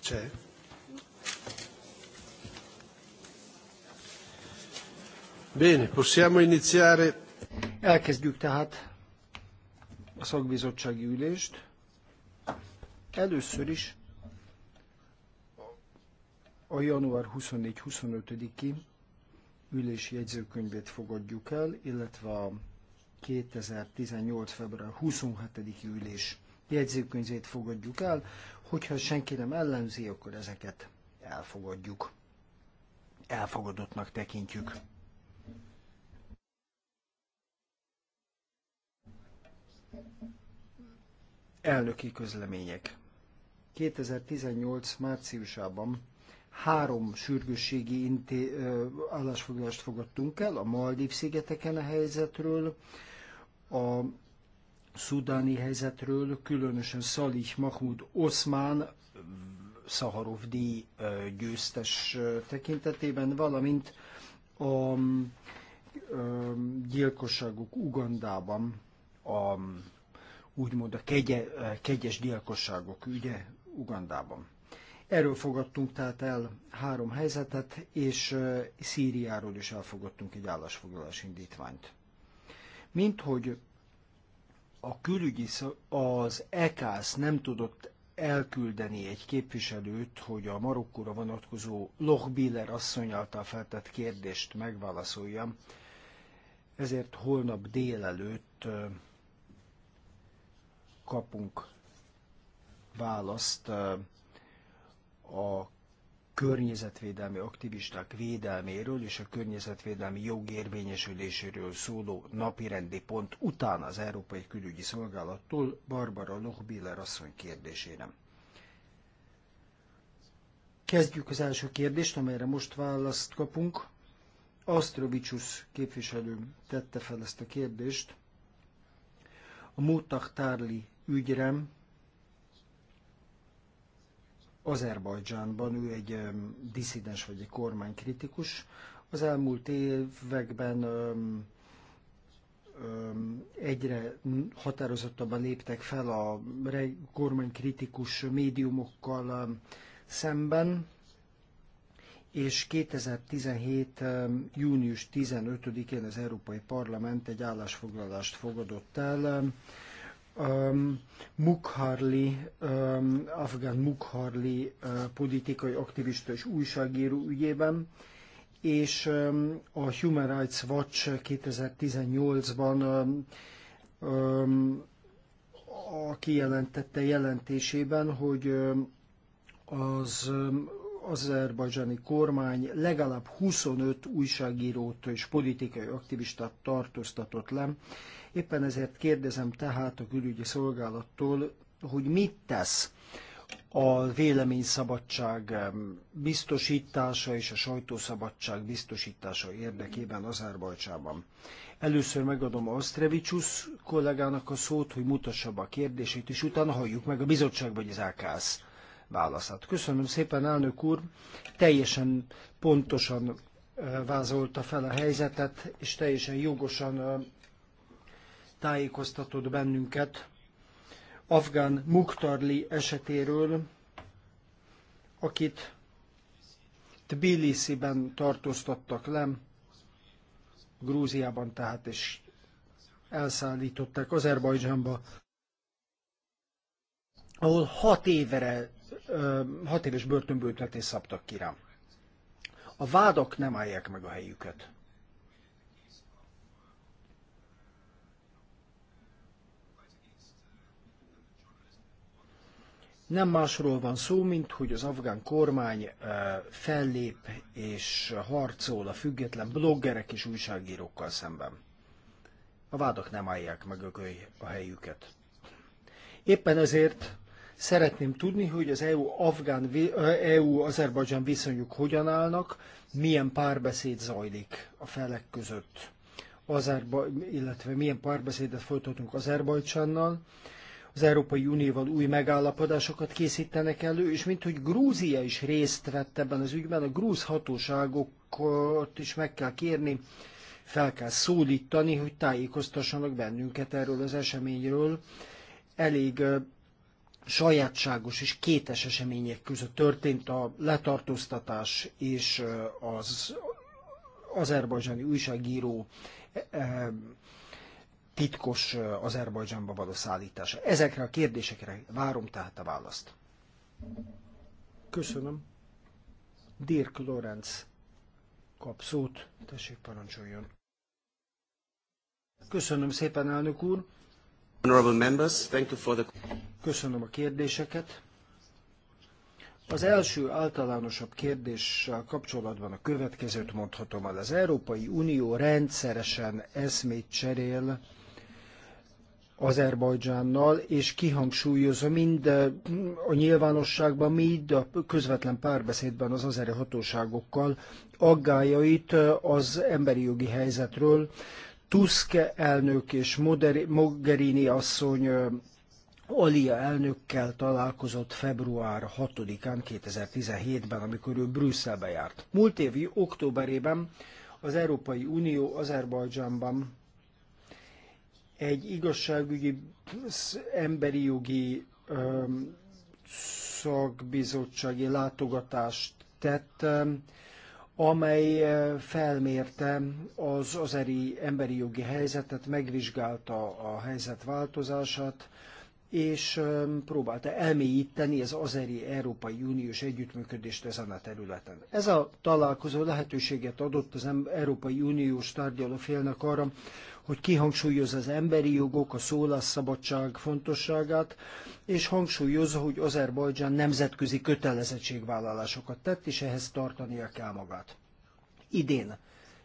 C'è? Bene, possiamo iniziare. Elkezdjük tehát a szakbizottsági ülést. Először is a január 24-25-i ülési jegyzőkönyvét fogadjuk el, illetve a 2018. február 27. i ülés jegyzőkönyvét fogadjuk el, hogyha senki nem ellenzi, akkor ezeket elfogadjuk. Elfogadottnak tekintjük. Elnöki közlemények. 2018. márciusában három sürgősségi inté- állásfoglalást fogadtunk el, a Maldív szigeteken a helyzetről, a szudáni helyzetről, különösen Szalih Mahmud Oszmán Szaharov díj győztes tekintetében, valamint a gyilkosságok Ugandában, a, úgymond a kegye, kegyes gyilkosságok ügye Ugandában. Erről fogadtunk tehát el három helyzetet, és Szíriáról is elfogadtunk egy állásfoglalás indítványt. Mint hogy a külügyi, az EKSZ nem tudott elküldeni egy képviselőt, hogy a Marokkóra vonatkozó Lochbiller asszony által feltett kérdést megválaszoljam. Ezért holnap délelőtt kapunk választ a környezetvédelmi aktivisták védelméről és a környezetvédelmi jogérvényesüléséről szóló napirendi pont után az Európai Külügyi Szolgálattól Barbara Lochbiller asszony kérdésére. Kezdjük az első kérdést, amelyre most választ kapunk. Astrovicsus képviselő tette fel ezt a kérdést. A Mótak Tárli ügyrem Azerbajdzsánban, ő egy diszidens vagy egy kormánykritikus. Az elmúlt években egyre határozottabban léptek fel a kormánykritikus médiumokkal szemben, és 2017. június 15-én az Európai Parlament egy állásfoglalást fogadott el, um, Mukharli, um, afgán Mukharli uh, politikai aktivista és újságíró ügyében, és um, a Human Rights Watch 2018-ban um, um, a kijelentette jelentésében, hogy um, az um, azerbajdzsáni kormány legalább 25 újságírót és politikai aktivistát tartóztatott le, Éppen ezért kérdezem tehát a külügyi szolgálattól, hogy mit tesz a véleményszabadság biztosítása és a sajtószabadság biztosítása érdekében Azerbajcsában. Először megadom Osztrevicsusz kollégának a szót, hogy mutassa be a kérdését, és utána halljuk meg a bizottság vagy az AKS válaszát. Köszönöm szépen, elnök úr, teljesen pontosan vázolta fel a helyzetet, és teljesen jogosan tájékoztatott bennünket afgán Muktarli esetéről, akit Tbilisi-ben tartóztattak le, Grúziában tehát, és elszállították Azerbajdzsánba, ahol hat évre, hat éves börtönbőtletés szabtak ki rám. A vádak nem állják meg a helyüket. Nem másról van szó, mint hogy az afgán kormány eh, fellép és harcol a független bloggerek és újságírókkal szemben. A vádak nem állják meg a helyüket. Éppen ezért szeretném tudni, hogy az eu eh, e azerbajdzsán eu viszonyuk hogyan állnak, milyen párbeszéd zajlik a felek között, Azerba, illetve milyen párbeszédet folytatunk Azerbajdzsánnal, az Európai Unióval új megállapodásokat készítenek elő, és mint hogy Grúzia is részt vett ebben az ügyben, a grúz hatóságokat is meg kell kérni, fel kell szólítani, hogy tájékoztassanak bennünket erről az eseményről. Elég sajátságos és kétes események között történt a letartóztatás és az azerbajdzsáni újságíró titkos Azerbajdzsánba való szállítása. Ezekre a kérdésekre várom tehát a választ. Köszönöm. Dirk Lorenz kap szót. Tessék, parancsoljon. Köszönöm szépen, elnök úr. Köszönöm a kérdéseket. Az első általánosabb kérdéssel kapcsolatban a következőt mondhatom el. Az Európai Unió rendszeresen eszmét cserél Azerbajdzsánnal, és kihangsúlyozza mind a nyilvánosságban, mind a közvetlen párbeszédben az azeri hatóságokkal aggájait az emberi jogi helyzetről. Tusk elnök és Mogherini asszony Alia elnökkel találkozott február 6-án 2017-ben, amikor ő Brüsszelbe járt. Múlt évi októberében az Európai Unió Azerbajdzsánban egy igazságügyi emberi jogi szakbizottsági látogatást tett, amely felmérte az azeri emberi jogi helyzetet, megvizsgálta a helyzet változását, és próbálta elmélyíteni az azeri Európai Uniós együttműködést ezen a területen. Ez a találkozó lehetőséget adott az Európai Uniós tárgyalófélnek arra, hogy kihangsúlyozza az emberi jogok, a szólásszabadság fontosságát, és hangsúlyozza, hogy Azerbajdzsán nemzetközi kötelezettségvállalásokat tett, és ehhez tartania kell magát. Idén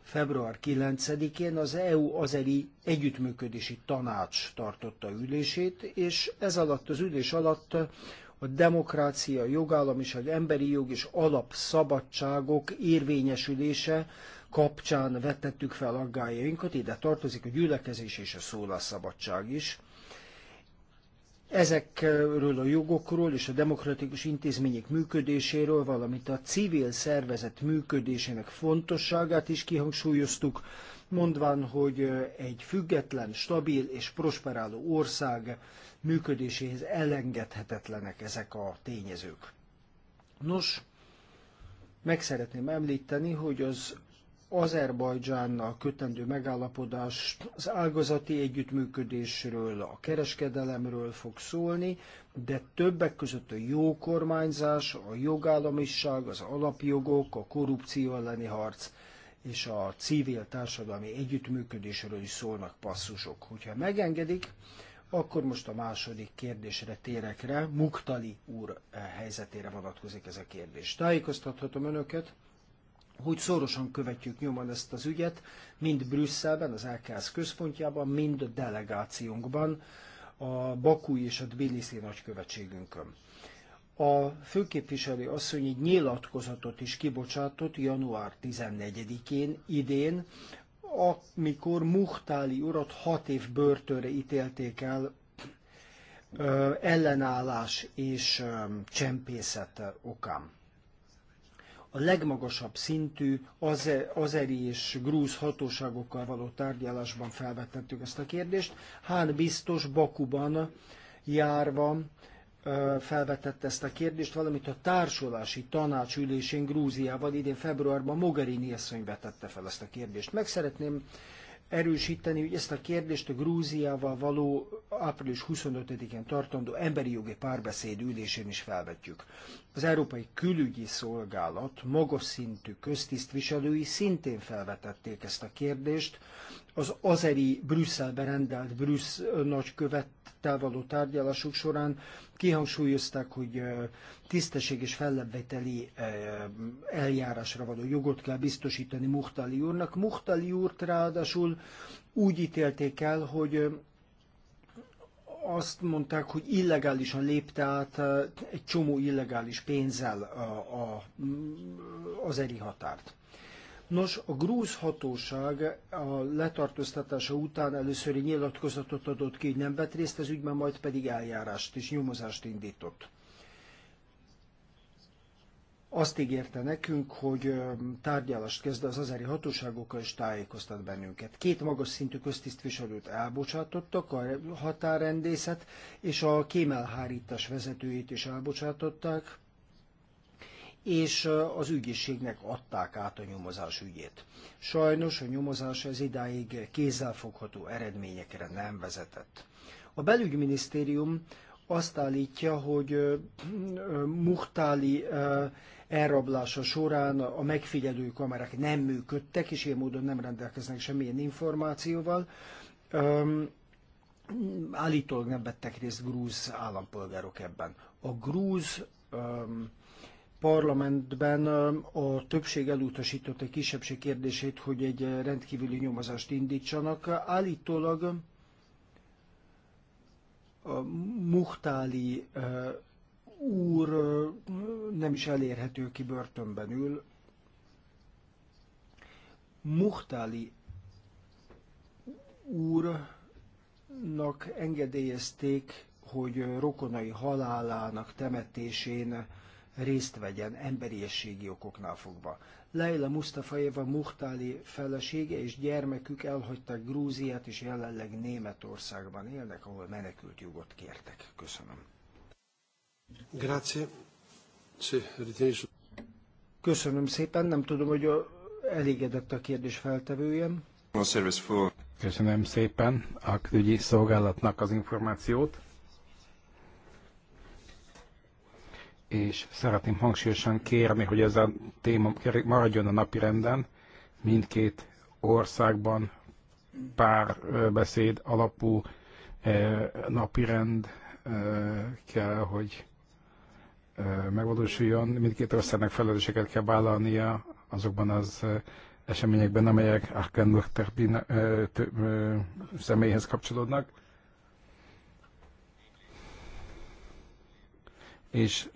Február 9-én az EU-azeri együttműködési tanács tartotta ülését, és ez alatt az ülés alatt a demokrácia, jogállamiság, emberi jog és alapszabadságok érvényesülése kapcsán vetettük fel aggájainkat, ide tartozik a gyülekezés és a szólásszabadság is. Ezekről a jogokról és a demokratikus intézmények működéséről, valamint a civil szervezet működésének fontosságát is kihangsúlyoztuk, mondván, hogy egy független, stabil és prosperáló ország működéséhez elengedhetetlenek ezek a tényezők. Nos, meg szeretném említeni, hogy az Azerbajdzsánnal kötendő megállapodás az ágazati együttműködésről, a kereskedelemről fog szólni, de többek között a jó kormányzás, a jogállamiság, az alapjogok, a korrupció elleni harc és a civil társadalmi együttműködésről is szólnak passzusok. Hogyha megengedik, akkor most a második kérdésre térek rá. Muktali úr helyzetére vonatkozik ez a kérdés. Tájékoztathatom önöket, hogy szorosan követjük nyomon ezt az ügyet, mind Brüsszelben, az LKS központjában, mind a delegációnkban, a Bakúi és a Tbilisi nagykövetségünkön. A főképviselő asszony egy nyilatkozatot is kibocsátott január 14-én idén, amikor Muhtáli urat hat év börtönre ítélték el ö, ellenállás és ö, csempészet okán a legmagasabb szintű az azeri és grúz hatóságokkal való tárgyalásban felvetettük ezt a kérdést. Hán biztos Bakuban járva felvetette ezt a kérdést, valamint a társulási tanácsülésén ülésén Grúziával idén februárban Mogherini asszony vetette fel ezt a kérdést. Meg szeretném erősíteni, hogy ezt a kérdést a Grúziával való április 25-én tartandó emberi jogi párbeszéd ülésén is felvetjük. Az Európai Külügyi Szolgálat magas szintű köztisztviselői szintén felvetették ezt a kérdést, az azeri Brüsszelbe rendelt Brüssz nagykövettel való tárgyalások során kihangsúlyozták, hogy tisztesség és fellebbeteli eljárásra való jogot kell biztosítani Muhtali úrnak. Muhtali úrt ráadásul úgy ítélték el, hogy azt mondták, hogy illegálisan lépte át egy csomó illegális pénzzel a, a, az eri határt. Nos, a grúz hatóság a letartóztatása után először nyilatkozatot adott ki, hogy nem vett részt az ügyben, majd pedig eljárást és nyomozást indított. Azt ígérte nekünk, hogy tárgyalást kezd az azeri hatóságokkal, és tájékoztat bennünket. Két magas szintű köztisztviselőt elbocsátottak, a határrendészet és a kémelhárítás vezetőjét is elbocsátották, és az ügyészségnek adták át a nyomozás ügyét. Sajnos a nyomozás ez idáig kézzelfogható eredményekre nem vezetett. A belügyminisztérium azt állítja, hogy Muhtáli elrablása során a megfigyelő kamerák nem működtek, és ilyen módon nem rendelkeznek semmilyen információval. Állítólag nem vettek részt grúz állampolgárok ebben. A grúz parlamentben a többség elutasította egy kisebbség kérdését, hogy egy rendkívüli nyomozást indítsanak. Állítólag a Muhtáli úr nem is elérhető, ki börtönben ül. Muhtáli úrnak engedélyezték, hogy rokonai halálának temetésén részt vegyen emberiességi okoknál fogva. Leila Mustafaeva Muhtáli felesége és gyermekük elhagyták Grúziát, és jelenleg Németországban élnek, ahol menekült jogot kértek. Köszönöm. Grazie. Köszönöm szépen, nem tudom, hogy a, elégedett a kérdés feltevőjem. Köszönöm szépen a külügyi szolgálatnak az információt. és szeretném hangsúlyosan kérni, hogy ez a téma maradjon a napirenden. Mindkét országban pár beszéd alapú napirend kell, hogy megvalósuljon. Mindkét országnak felelősséget kell vállalnia azokban az eseményekben, amelyek Arkan Terbin személyhez kapcsolódnak és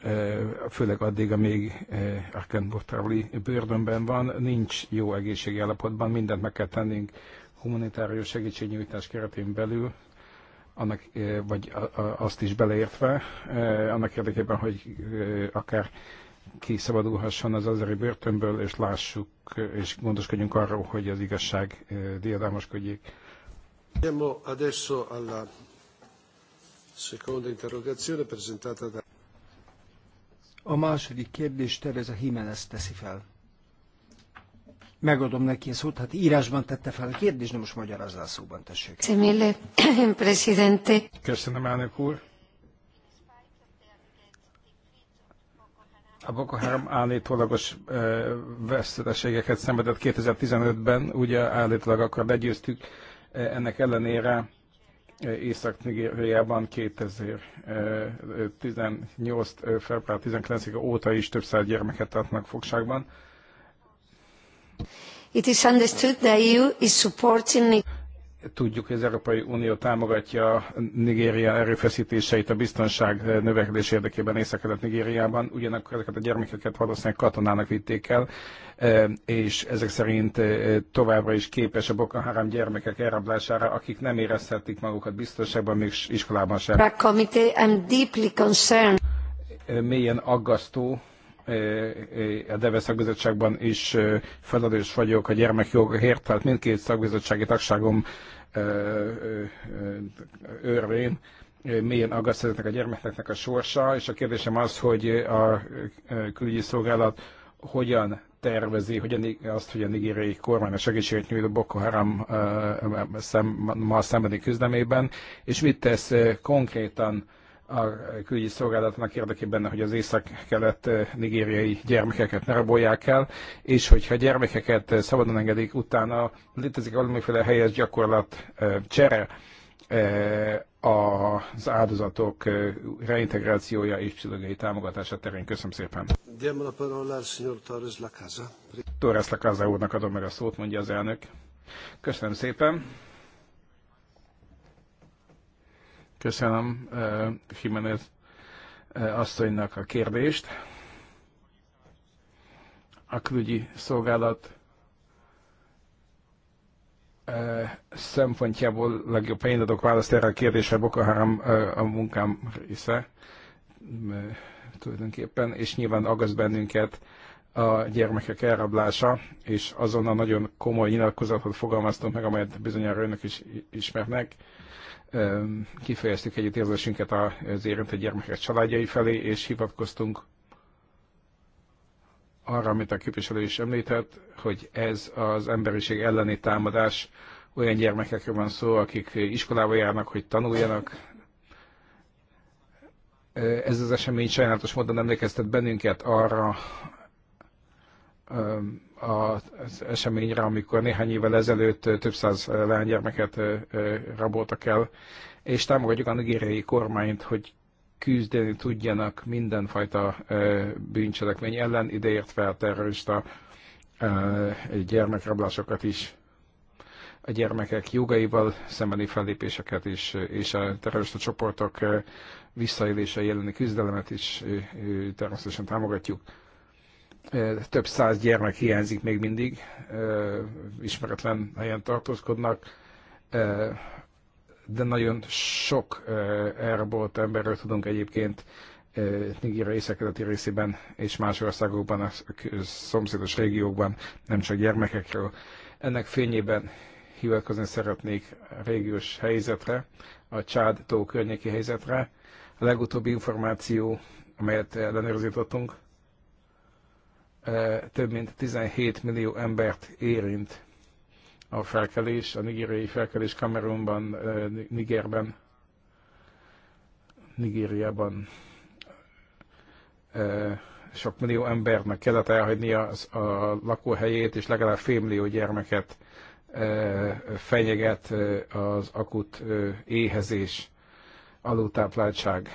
főleg addig, amíg Arkenburg távoli bőrönben van, nincs jó egészségi állapotban, mindent meg kell tennünk humanitárius segítségnyújtás keretén belül, annak, vagy azt is beleértve, annak érdekében, hogy akár kiszabadulhasson az azeri börtönből, és lássuk, és gondoskodjunk arról, hogy az igazság diadalmaskodjék. Andiamo adesso alla seconda interrogazione presentata da... A második kérdést Tereza Jimenez teszi fel. Megadom neki a szót, hát írásban tette fel a kérdést, de most magyarázzál szóban, tessék. Köszönöm, elnök úr. A Boko Haram állítólagos veszteségeket szenvedett 2015-ben, ugye állítólag akkor legyőztük, ennek ellenére Észak-Nigériában 2018. február 19 óta is több száz gyermeket tartnak fogságban. It is understood that EU e is supporting Tudjuk, hogy az Európai Unió támogatja Nigéria erőfeszítéseit a biztonság növekedés érdekében észak Nigériában, ugyanakkor ezeket a gyermekeket valószínűleg katonának vitték el, e, és ezek szerint e, továbbra is képes a Boko Haram gyermekek elrablására, akik nem érezhetik magukat biztonságban, még iskolában sem. E, mélyen aggasztó, a DEVE szakbizottságban is felelős vagyok a gyermekjogokért, tehát mindkét szakbizottsági tagságom őrvén, milyen aggasztatnak a gyermeknek a sorsa, és a kérdésem az, hogy a külügyi szolgálat hogyan tervezi, hogyan, azt, hogy a nigériai kormány a segítséget nyújt a Boko Haram szem, ma szembeni küzdemében, és mit tesz konkrétan a külügyi szolgálatnak érdekében, hogy az észak-kelet eh, nigériai gyermekeket ne rabolják el, és hogyha gyermekeket eh, szabadon engedik, utána létezik valamiféle helyes gyakorlat eh, csere az áldozatok reintegrációja és pszichológiai támogatása terén. Köszönöm szépen. Torres Lacaza úrnak adom meg a szót, mondja az elnök. Köszönöm szépen. Köszönöm Jimenez asszonynak a kérdést. A külügyi szolgálat szempontjából legjobb helyen adok választ erre a kérdésre, Boko Haram a munkám része tulajdonképpen, és nyilván aggaszt bennünket a gyermekek elrablása, és azon a nagyon komoly nyilatkozatot fogalmaztunk meg, amelyet bizonyára önök is ismernek, kifejeztük együttérzésünket az érintett gyermekek családjai felé, és hivatkoztunk arra, amit a képviselő is említett, hogy ez az emberiség elleni támadás, olyan gyermekekről van szó, akik iskolába járnak, hogy tanuljanak. Ez az esemény sajnálatos módon emlékeztet bennünket arra, az eseményre, amikor néhány évvel ezelőtt több száz lánygyermeket raboltak el, és támogatjuk a nigériai kormányt, hogy küzdeni tudjanak mindenfajta bűncselekmény ellen, ideértve a terrorista gyermekrablásokat is a gyermekek jogaival szembeni fellépéseket is, és a terrorista csoportok visszaélése jeleni küzdelemet is természetesen támogatjuk. Több száz gyermek hiányzik még mindig, ismeretlen helyen tartózkodnak, de nagyon sok elrabolt emberről tudunk egyébként Nigéria északkeleti részében és más országokban, a szomszédos régiókban, nem csak gyermekekről. Ennek fényében hivatkozni szeretnék a régiós helyzetre, a Csád tó környéki helyzetre. A legutóbbi információ, amelyet ellenőrzítottunk, több mint 17 millió embert érint a felkelés, a nigériai felkelés Kamerunban, Nigerben, Nigériában. Sok millió embernek kellett elhagyni a, a lakóhelyét, és legalább millió gyermeket fenyeget az akut éhezés, alultápláltság.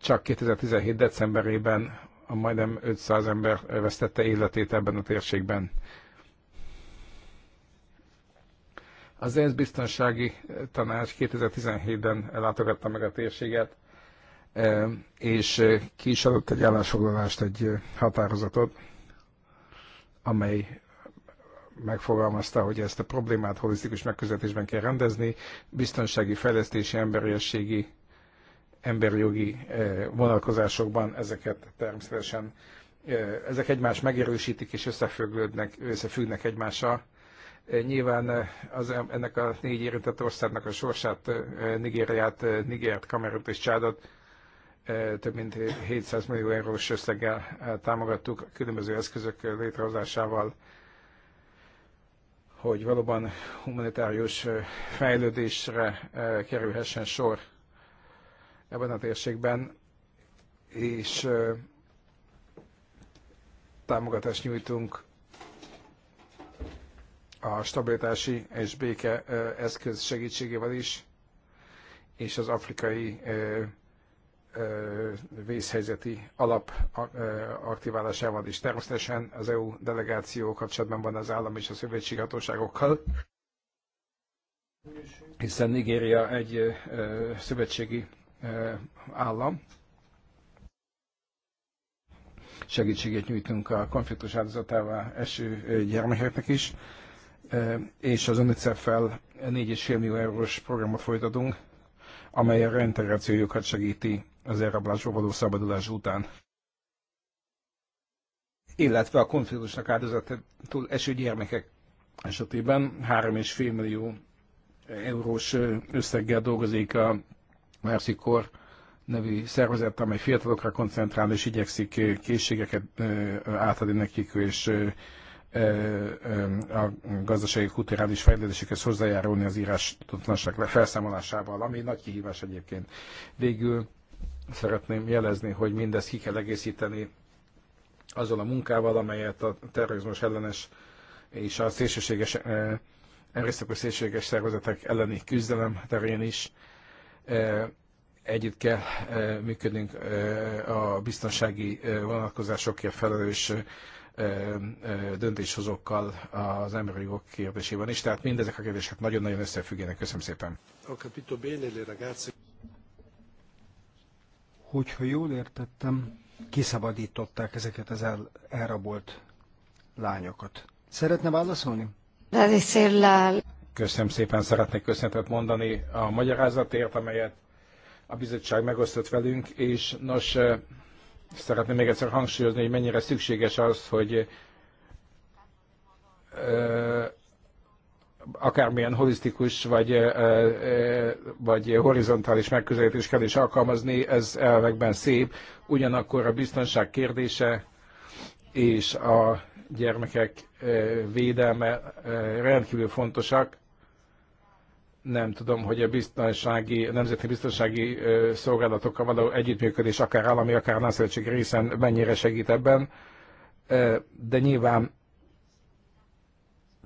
Csak 2017. decemberében majdnem 500 ember vesztette életét ebben a térségben. Az ENSZ biztonsági tanács 2017-ben látogatta meg a térséget, e, és ki is adott egy állásfoglalást, egy határozatot, amely megfogalmazta, hogy ezt a problémát holisztikus megközelítésben kell rendezni, biztonsági, fejlesztési, emberiességi emberjogi eh, vonalkozásokban ezeket természetesen eh, ezek egymást megerősítik és összefüggődnek, összefüggnek egymással. Eh, nyilván az, ennek a négy érintett országnak a sorsát, Nigériát, Nigert, Kamerut és Csádot több mint 700 millió eurós összeggel támogattuk a különböző eszközök létrehozásával, hogy valóban humanitárius fejlődésre kerülhessen sor ebben a térségben, és támogatást nyújtunk a stabilitási és béke eszköz segítségével is, és az afrikai vészhelyzeti alap aktiválásával is. Természetesen az EU delegáció kapcsolatban van az állam és a szövetségi hatóságokkal, hiszen Nigéria egy szövetségi állam. Segítséget nyújtunk a konfliktus áldozatává eső gyermekeknek is, és az UNICEF-fel 4,5 millió eurós programot folytatunk, amely a reintegrációjukat segíti az elrablásból való szabadulás után illetve a konfliktusnak áldozatától eső gyermekek esetében 3,5 millió eurós összeggel dolgozik a Mercikor nevű szervezet, amely fiatalokra koncentrál és igyekszik készségeket átadni nekik, és a gazdasági kulturális fejlődésekhez hozzájárulni az írás tudatlanság felszámolásával, ami nagy kihívás egyébként. Végül szeretném jelezni, hogy mindezt ki kell egészíteni azzal a munkával, amelyet a terrorizmus ellenes és a szélsőséges erőszakos szélsőséges szervezetek elleni küzdelem terén is Együtt kell működnünk a biztonsági vonatkozásokért felelős döntéshozókkal az emberi jogok kérdésében is. Tehát mindezek a kérdések nagyon-nagyon összefüggenek. Köszönöm szépen. Hogyha jól értettem, kiszabadították ezeket az el, elrabolt lányokat. Szeretne válaszolni? Köszönöm szépen, szeretnék köszönetet mondani a magyarázatért, amelyet a bizottság megosztott velünk, és nos, eh, szeretném még egyszer hangsúlyozni, hogy mennyire szükséges az, hogy eh, akármilyen holisztikus vagy, eh, vagy horizontális megközelítés kell is alkalmazni, ez elvekben szép, ugyanakkor a biztonság kérdése és a gyermekek védelme rendkívül fontosak, nem tudom, hogy a biztonsági, a nemzeti biztonsági szolgálatokkal való együttműködés, akár állami, akár nászövetség részen mennyire segít ebben, de nyilván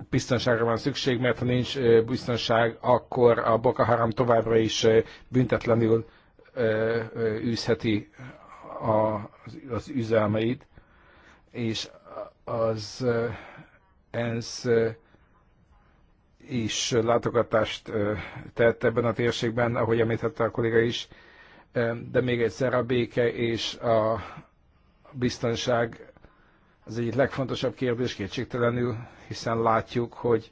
biztonságra van szükség, mert ha nincs biztonság, akkor a Boko Haram továbbra is büntetlenül űzheti az üzelmeit, és az ENSZ is látogatást tett ebben a térségben, ahogy említette a kolléga is, de még egyszer a béke és a biztonság az egyik legfontosabb kérdés kétségtelenül, hiszen látjuk, hogy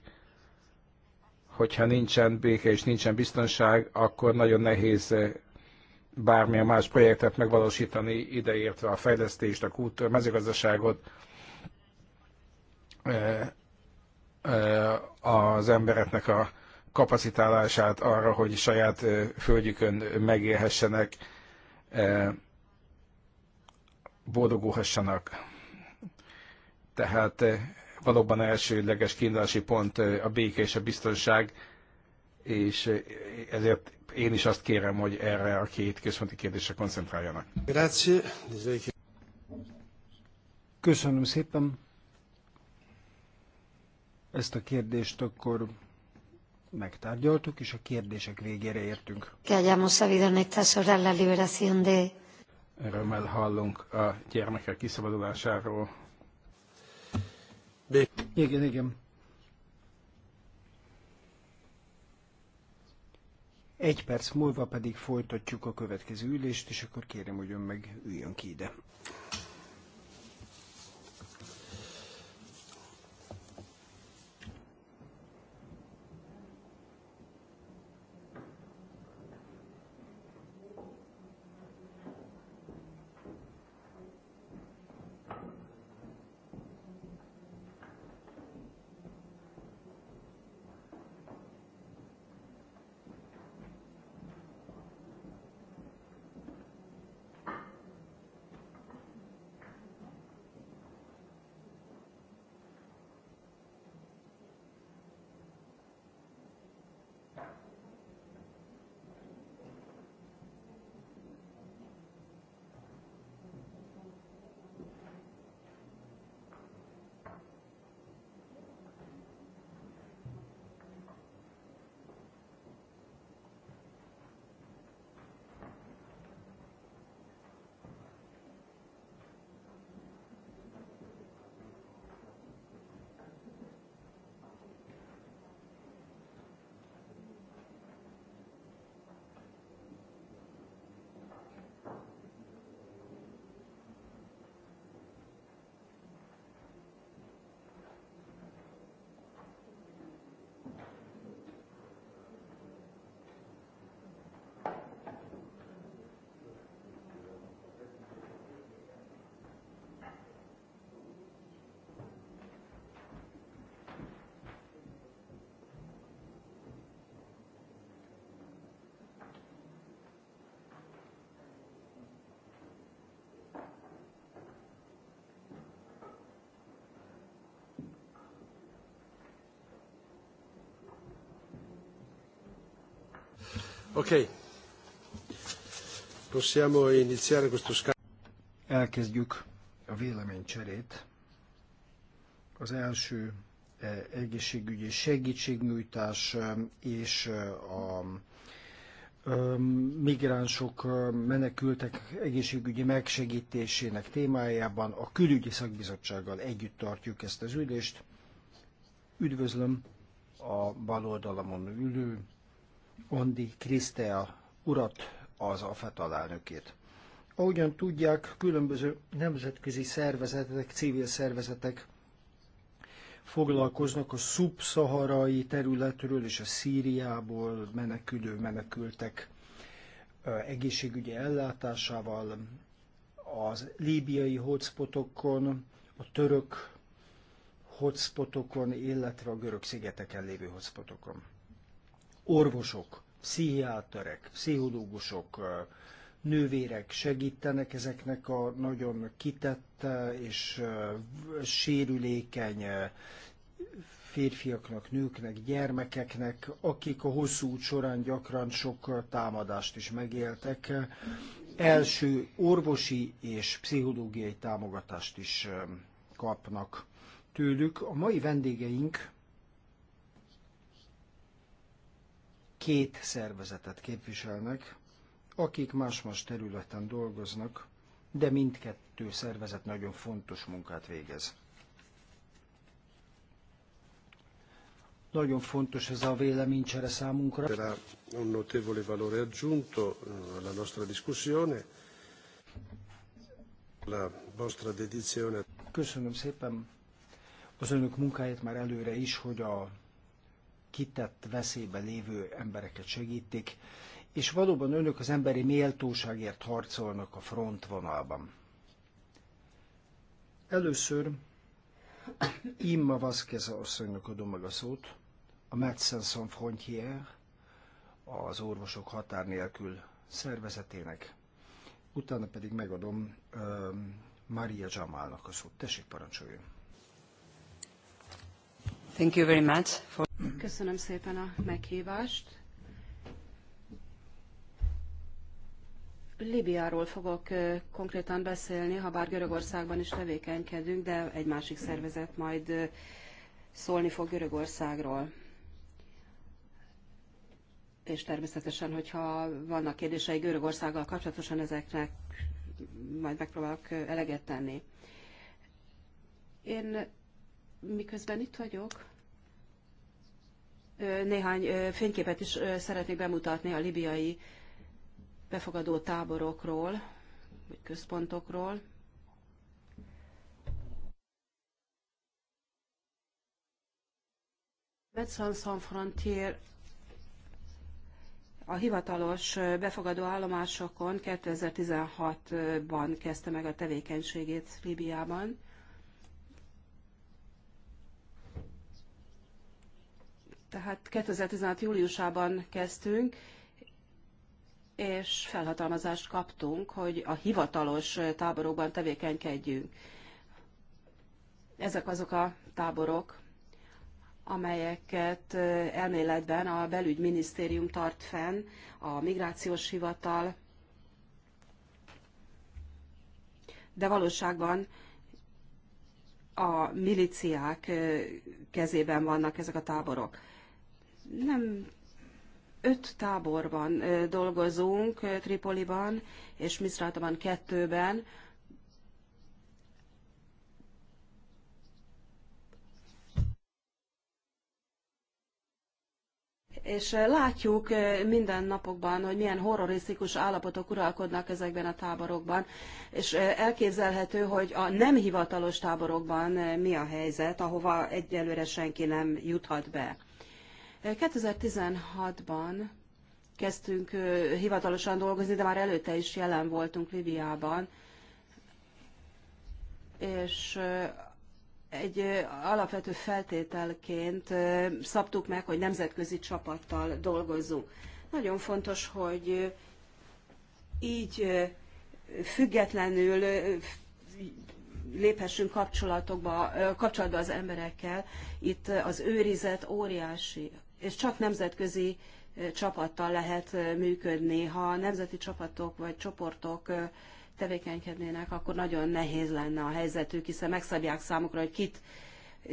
hogyha nincsen béke és nincsen biztonság, akkor nagyon nehéz bármilyen más projektet megvalósítani, ideértve a fejlesztést, a kultúr, mezőgazdaságot, Eh, az embereknek a kapacitálását arra, hogy saját eh, földjükön megélhessenek, eh, boldogulhassanak. Tehát valóban elsődleges kiindulási pont a béke és a biztonság, és ezért én is azt kérem, hogy erre a két központi kérdésre koncentráljanak. Köszönöm szépen. Ezt a kérdést akkor megtárgyaltuk, és a kérdések végére értünk. Que hayamos sabido en Örömmel hallunk a gyermekek kiszabadulásáról. De... Igen, igen. Egy perc múlva pedig folytatjuk a következő ülést, és akkor kérem, hogy ön meg üljön ki ide. Possiamo iniziare questo scambio. Elkezdjük a véleménycserét. Az első e, egészségügyi segítségnyújtás e, és e, a migránsok menekültek egészségügyi megsegítésének témájában a külügyi szakbizottsággal együtt tartjuk ezt az ülést. Üdvözlöm a bal oldalamon ülő Andi Krisztea urat, az AFET alelnökét. Ahogyan tudják, különböző nemzetközi szervezetek, civil szervezetek foglalkoznak a szubszaharai területről és a Szíriából menekülő menekültek egészségügyi ellátásával, az líbiai hotspotokon, a török hotspotokon, illetve a görög szigeteken lévő hotspotokon orvosok, pszichiáterek, pszichológusok, nővérek segítenek ezeknek a nagyon kitett és sérülékeny férfiaknak, nőknek, gyermekeknek, akik a hosszú út során gyakran sok támadást is megéltek, első orvosi és pszichológiai támogatást is kapnak tőlük. A mai vendégeink két szervezetet képviselnek, akik más-más területen dolgoznak, de mindkettő szervezet nagyon fontos munkát végez. Nagyon fontos ez a véleménycsere számunkra. Era un notevole valore aggiunto eh, alla nostra discussione. La vostra dedizione. Köszönöm szépen az önök munkáját már előre is, hogy a kitett veszélybe lévő embereket segítik, és valóban önök az emberi méltóságért harcolnak a frontvonalban. Először Imma Vazquez asszonynak adom meg a szót, a Médecins Sans Frontières, az Orvosok Határ Nélkül szervezetének. Utána pedig megadom uh, Maria Jamalnak a szót. Tessék, parancsoljon! Thank you very much for... Köszönöm szépen a meghívást. Libiáról fogok konkrétan beszélni, ha bár Görögországban is tevékenykedünk, de egy másik szervezet majd szólni fog Görögországról. És természetesen, hogyha vannak kérdései Görögországgal kapcsolatosan, ezeknek majd megpróbálok eleget tenni. Én miközben itt vagyok, néhány fényképet is szeretnék bemutatni a libiai befogadó táborokról, vagy központokról. Médecins San Frontier a hivatalos befogadó állomásokon 2016-ban kezdte meg a tevékenységét Líbiában. Tehát 2016. júliusában kezdtünk, és felhatalmazást kaptunk, hogy a hivatalos táborokban tevékenykedjünk. Ezek azok a táborok, amelyeket elméletben a belügyminisztérium tart fenn, a migrációs hivatal, de valóságban a miliciák kezében vannak ezek a táborok nem öt táborban dolgozunk, Tripoliban és Misrataban kettőben. És látjuk minden napokban, hogy milyen horrorisztikus állapotok uralkodnak ezekben a táborokban, és elképzelhető, hogy a nem hivatalos táborokban mi a helyzet, ahova egyelőre senki nem juthat be. 2016-ban kezdtünk hivatalosan dolgozni, de már előtte is jelen voltunk Libiában, és egy alapvető feltételként szabtuk meg, hogy nemzetközi csapattal dolgozzunk. Nagyon fontos, hogy így függetlenül léphessünk kapcsolatokba, kapcsolatba az emberekkel. Itt az őrizet óriási és csak nemzetközi csapattal lehet működni. Ha nemzeti csapatok vagy csoportok tevékenykednének, akkor nagyon nehéz lenne a helyzetük, hiszen megszabják számukra, hogy kit,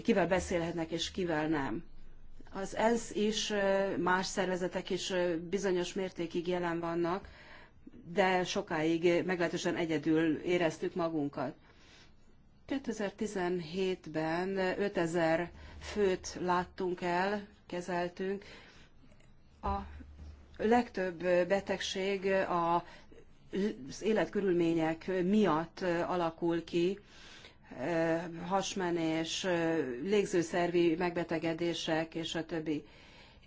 kivel beszélhetnek és kivel nem. Az ENSZ is, más szervezetek is bizonyos mértékig jelen vannak, de sokáig meglehetősen egyedül éreztük magunkat. 2017-ben 5000 főt láttunk el kezeltünk. A legtöbb betegség a az életkörülmények miatt alakul ki, hasmenés, légzőszervi megbetegedések és a többi.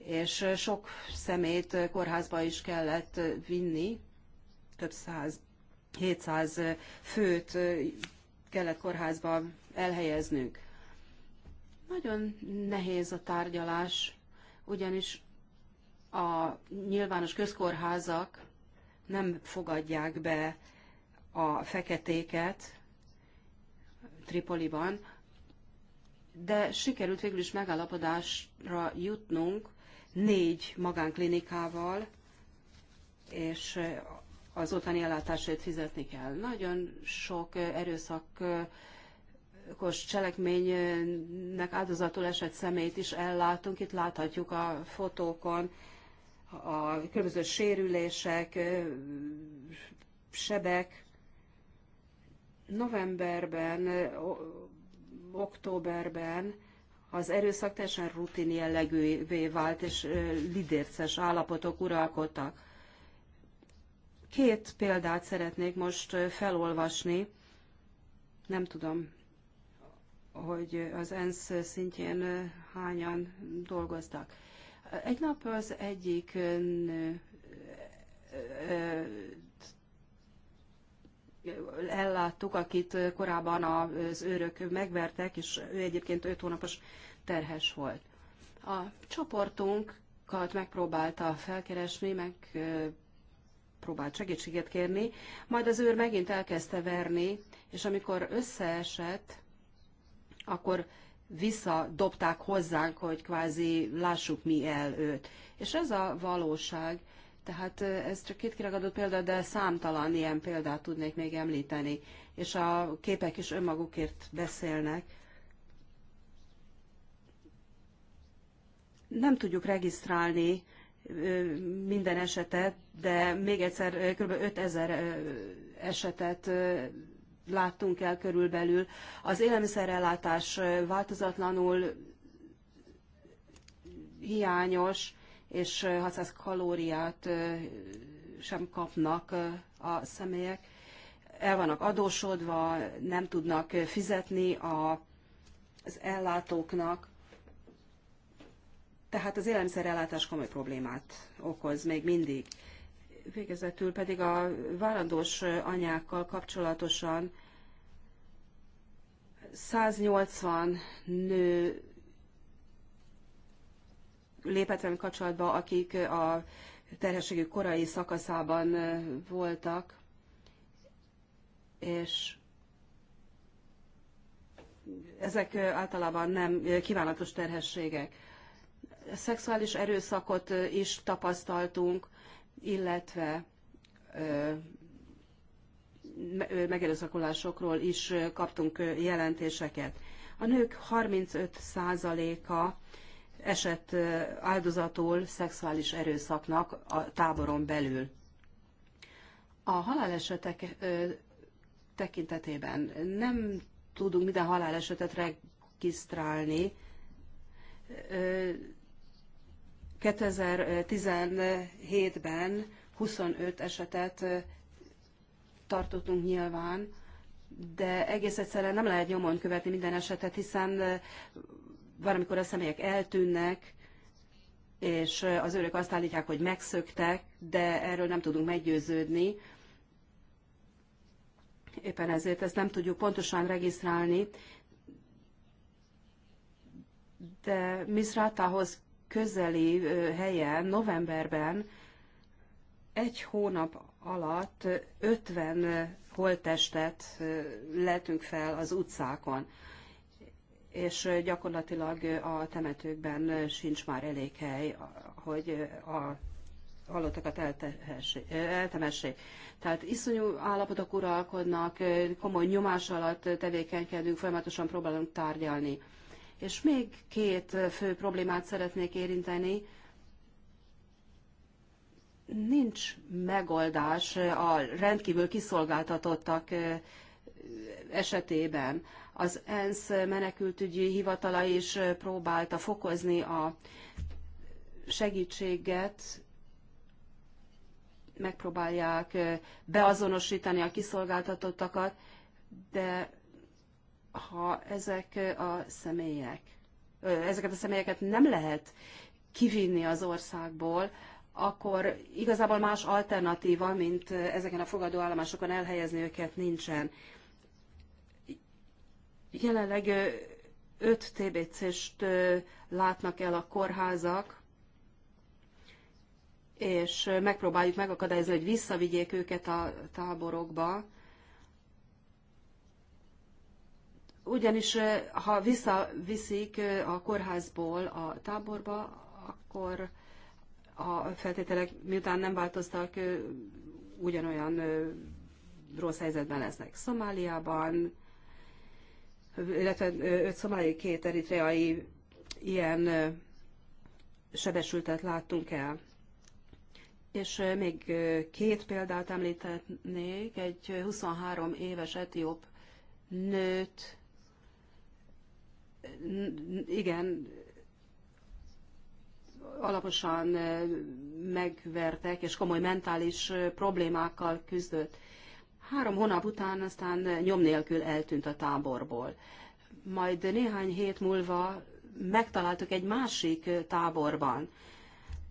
És sok szemét kórházba is kellett vinni, több száz, 700 főt kellett kórházba elhelyeznünk. Nagyon nehéz a tárgyalás, ugyanis a nyilvános közkórházak nem fogadják be a feketéket Tripoliban, de sikerült végül is megállapodásra jutnunk négy magánklinikával, és az otthoni ellátásért fizetni kell. Nagyon sok erőszak gyilkos cselekménynek áldozatul esett személyt is ellátunk. Itt láthatjuk a fotókon a különböző sérülések, sebek. Novemberben, októberben az erőszak teljesen rutin jellegűvé vált, és lidérces állapotok uralkodtak. Két példát szeretnék most felolvasni. Nem tudom, hogy az ENSZ szintjén hányan dolgoztak. Egy nap az egyik elláttuk, akit korábban az őrök megvertek, és ő egyébként 5 hónapos terhes volt. A csoportunkat megpróbálta felkeresni, meg próbált segítséget kérni, majd az őr megint elkezdte verni, és amikor összeesett, akkor visszadobták hozzánk, hogy kvázi lássuk mi el őt. És ez a valóság. Tehát ez csak két kiragadott példa, de számtalan ilyen példát tudnék még említeni. És a képek is önmagukért beszélnek. Nem tudjuk regisztrálni minden esetet, de még egyszer kb. 5000 esetet láttunk el körülbelül. Az élelmiszerellátás változatlanul hiányos, és 600 kalóriát sem kapnak a személyek. El vannak adósodva, nem tudnak fizetni a, az ellátóknak. Tehát az élelmiszerellátás komoly problémát okoz még mindig. Végezetül pedig a várandós anyákkal kapcsolatosan 180 nő lépett velem kapcsolatba, akik a terhességük korai szakaszában voltak, és ezek általában nem kívánatos terhességek. Szexuális erőszakot is tapasztaltunk, illetve megerőszakolásokról is kaptunk jelentéseket. A nők 35%-a esett áldozatul szexuális erőszaknak a táboron belül. A halálesetek tekintetében nem tudunk minden halálesetet regisztrálni, 2017-ben 25 esetet tartottunk nyilván, de egész egyszerűen nem lehet nyomon követni minden esetet, hiszen valamikor a személyek eltűnnek, és az őrök azt állítják, hogy megszöktek, de erről nem tudunk meggyőződni. Éppen ezért ezt nem tudjuk pontosan regisztrálni. De Misrátához közeli helyen novemberben egy hónap alatt 50 holttestet lehetünk fel az utcákon, és gyakorlatilag a temetőkben sincs már elég hely, hogy a halottakat eltemessék. Tehát iszonyú állapotok uralkodnak, komoly nyomás alatt tevékenykedünk, folyamatosan próbálunk tárgyalni. És még két fő problémát szeretnék érinteni. Nincs megoldás a rendkívül kiszolgáltatottak esetében. Az ENSZ menekültügyi hivatala is próbálta fokozni a segítséget, megpróbálják beazonosítani a kiszolgáltatottakat, de ha ezek a személyek, ezeket a személyeket nem lehet kivinni az országból, akkor igazából más alternatíva, mint ezeken a fogadóállomásokon elhelyezni őket nincsen. Jelenleg 5 TBC-st látnak el a kórházak, és megpróbáljuk megakadályozni, hogy visszavigyék őket a táborokba, ugyanis ha visszaviszik a kórházból a táborba, akkor a feltételek miután nem változtak, ugyanolyan rossz helyzetben lesznek. Szomáliában, illetve öt szomáliai, két eritreai ilyen sebesültet láttunk el. És még két példát említetnék, egy 23 éves etióp nőt igen, alaposan eh, megvertek, és komoly mentális eh, problémákkal küzdött. Három hónap után aztán eh, nyom nélkül eltűnt a táborból. Majd néhány hét múlva megtaláltuk egy másik táborban.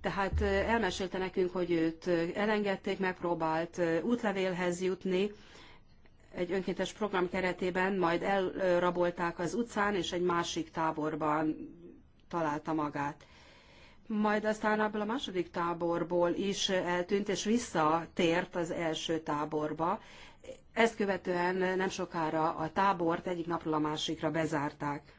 Tehát elmesélte nekünk, hogy őt elengedték, megpróbált útlevélhez jutni, egy önkéntes program keretében majd elrabolták az utcán, és egy másik táborban találta magát. Majd aztán abból a második táborból is eltűnt, és visszatért az első táborba. Ezt követően nem sokára a tábort egyik napról a másikra bezárták.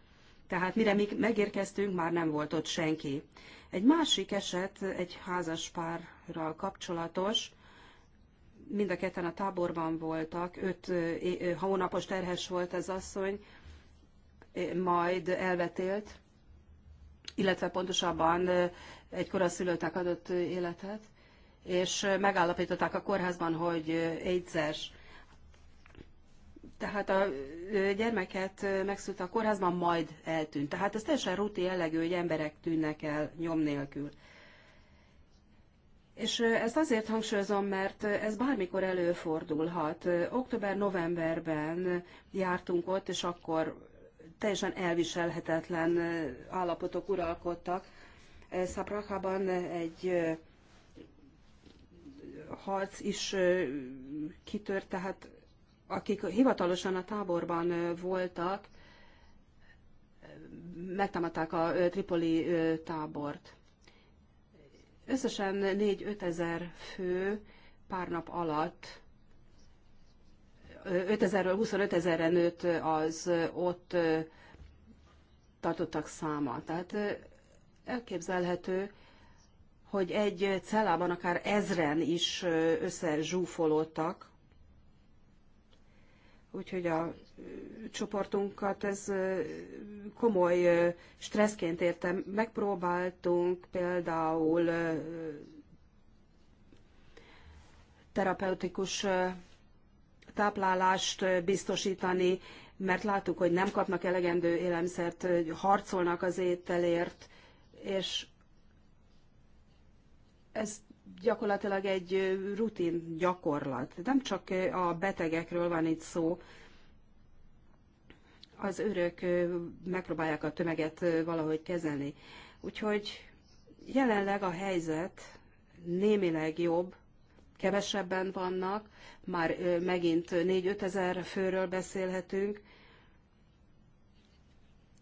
Tehát mire mi megérkeztünk, már nem volt ott senki. Egy másik eset egy házas párral kapcsolatos, mind a ketten a táborban voltak, öt hónapos terhes volt az asszony, majd elvetélt, illetve pontosabban egy koraszülöttnek adott életet, és megállapították a kórházban, hogy egyszeres. Tehát a gyermeket megszült a kórházban, majd eltűnt. Tehát ez teljesen rutin jellegű, hogy emberek tűnnek el nyom nélkül. És ezt azért hangsúlyozom, mert ez bármikor előfordulhat. Október-novemberben jártunk ott, és akkor teljesen elviselhetetlen állapotok uralkodtak. Szabrakában egy harc is kitört, tehát akik hivatalosan a táborban voltak, megtámadták a Tripoli tábort. Összesen 4-5 ezer fő pár nap alatt 5 ezerről 25 ezerre nőtt az ott tartottak száma. Tehát elképzelhető, hogy egy cellában akár ezren is összezsúfolódtak. Úgyhogy a csoportunkat ez komoly stresszként értem. Megpróbáltunk például terapeutikus táplálást biztosítani, mert láttuk, hogy nem kapnak elegendő élelmiszert, harcolnak az ételért, és ez gyakorlatilag egy rutin gyakorlat. Nem csak a betegekről van itt szó, az őrök megpróbálják a tömeget valahogy kezelni. Úgyhogy jelenleg a helyzet némileg jobb, kevesebben vannak, már megint 4-5 ezer főről beszélhetünk.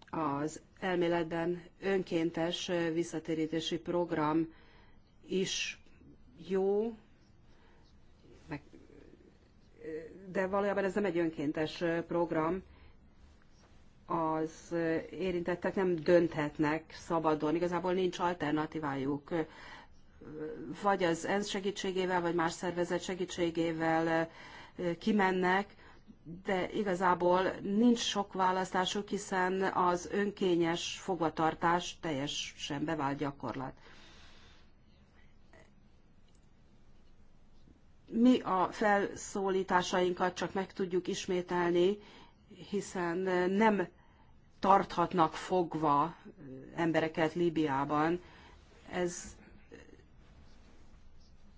Az elméletben önkéntes visszatérítési program is jó, de valójában ez nem egy önkéntes program, az érintettek nem dönthetnek szabadon, igazából nincs alternatívájuk. Vagy az ENSZ segítségével, vagy más szervezet segítségével eh, kimennek, de igazából nincs sok választásuk, hiszen az önkényes fogvatartás teljesen bevált gyakorlat. Mi a felszólításainkat csak meg tudjuk ismételni, hiszen eh, nem tarthatnak fogva embereket Líbiában, ez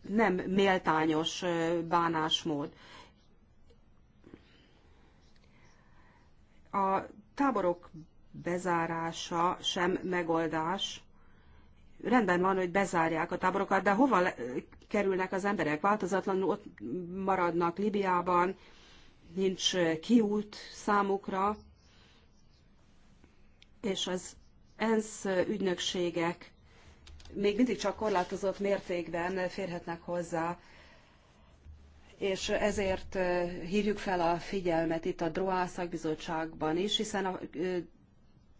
nem méltányos bánásmód. A táborok bezárása sem megoldás. Rendben van, hogy bezárják a táborokat, de hova kerülnek az emberek? Változatlanul ott maradnak Libiában, nincs kiút számukra és az ENSZ ügynökségek még mindig csak korlátozott mértékben férhetnek hozzá, és ezért hívjuk fel a figyelmet itt a DROA szakbizottságban is, hiszen a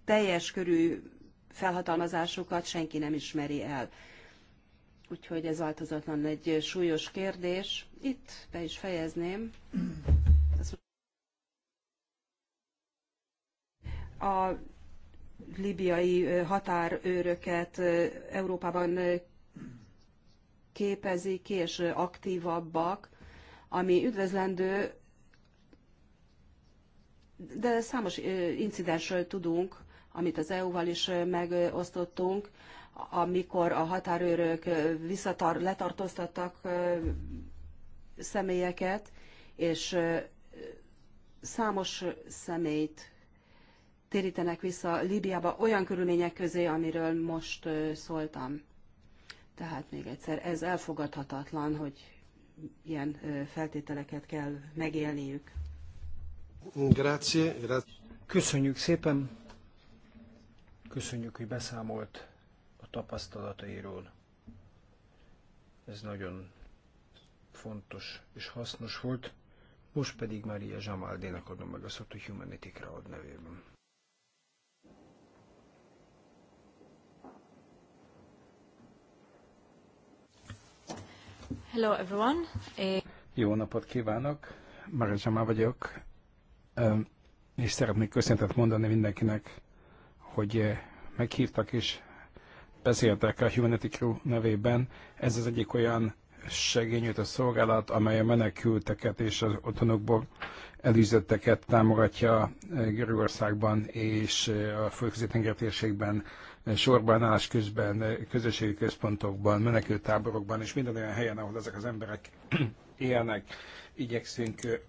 teljes körű felhatalmazásukat senki nem ismeri el. Úgyhogy ez változatlan egy súlyos kérdés. Itt be is fejezném. Mm. A libiai határőröket Európában képezik és aktívabbak, ami üdvözlendő, de számos incidensről tudunk, amit az EU-val is megosztottunk, amikor a határőrök visszatar, letartóztattak személyeket, és számos személyt térítenek vissza Líbiába olyan körülmények közé, amiről most szóltam. Tehát még egyszer, ez elfogadhatatlan, hogy ilyen feltételeket kell megélniük. Grazie, Köszönjük szépen, köszönjük, hogy beszámolt a tapasztalatairól. Ez nagyon fontos és hasznos volt. Most pedig Maria Zsamaldénak adom meg a szót a Humanity Crowd nevében. Hello everyone. Eh, Jó napot kívánok, Marajama vagyok, és szeretnék köszöntet mondani mindenkinek, hogy eh, meghívtak és beszéltek a Humanity Crew nevében. Ez az egyik olyan segényújtó szolgálat, amely a menekülteket és az otthonokból elűzötteket támogatja eh, Görögországban és a földközi térségben sorban, állás közben, közösségi központokban, menekültáborokban és minden olyan helyen, ahol ezek az emberek élnek, igyekszünk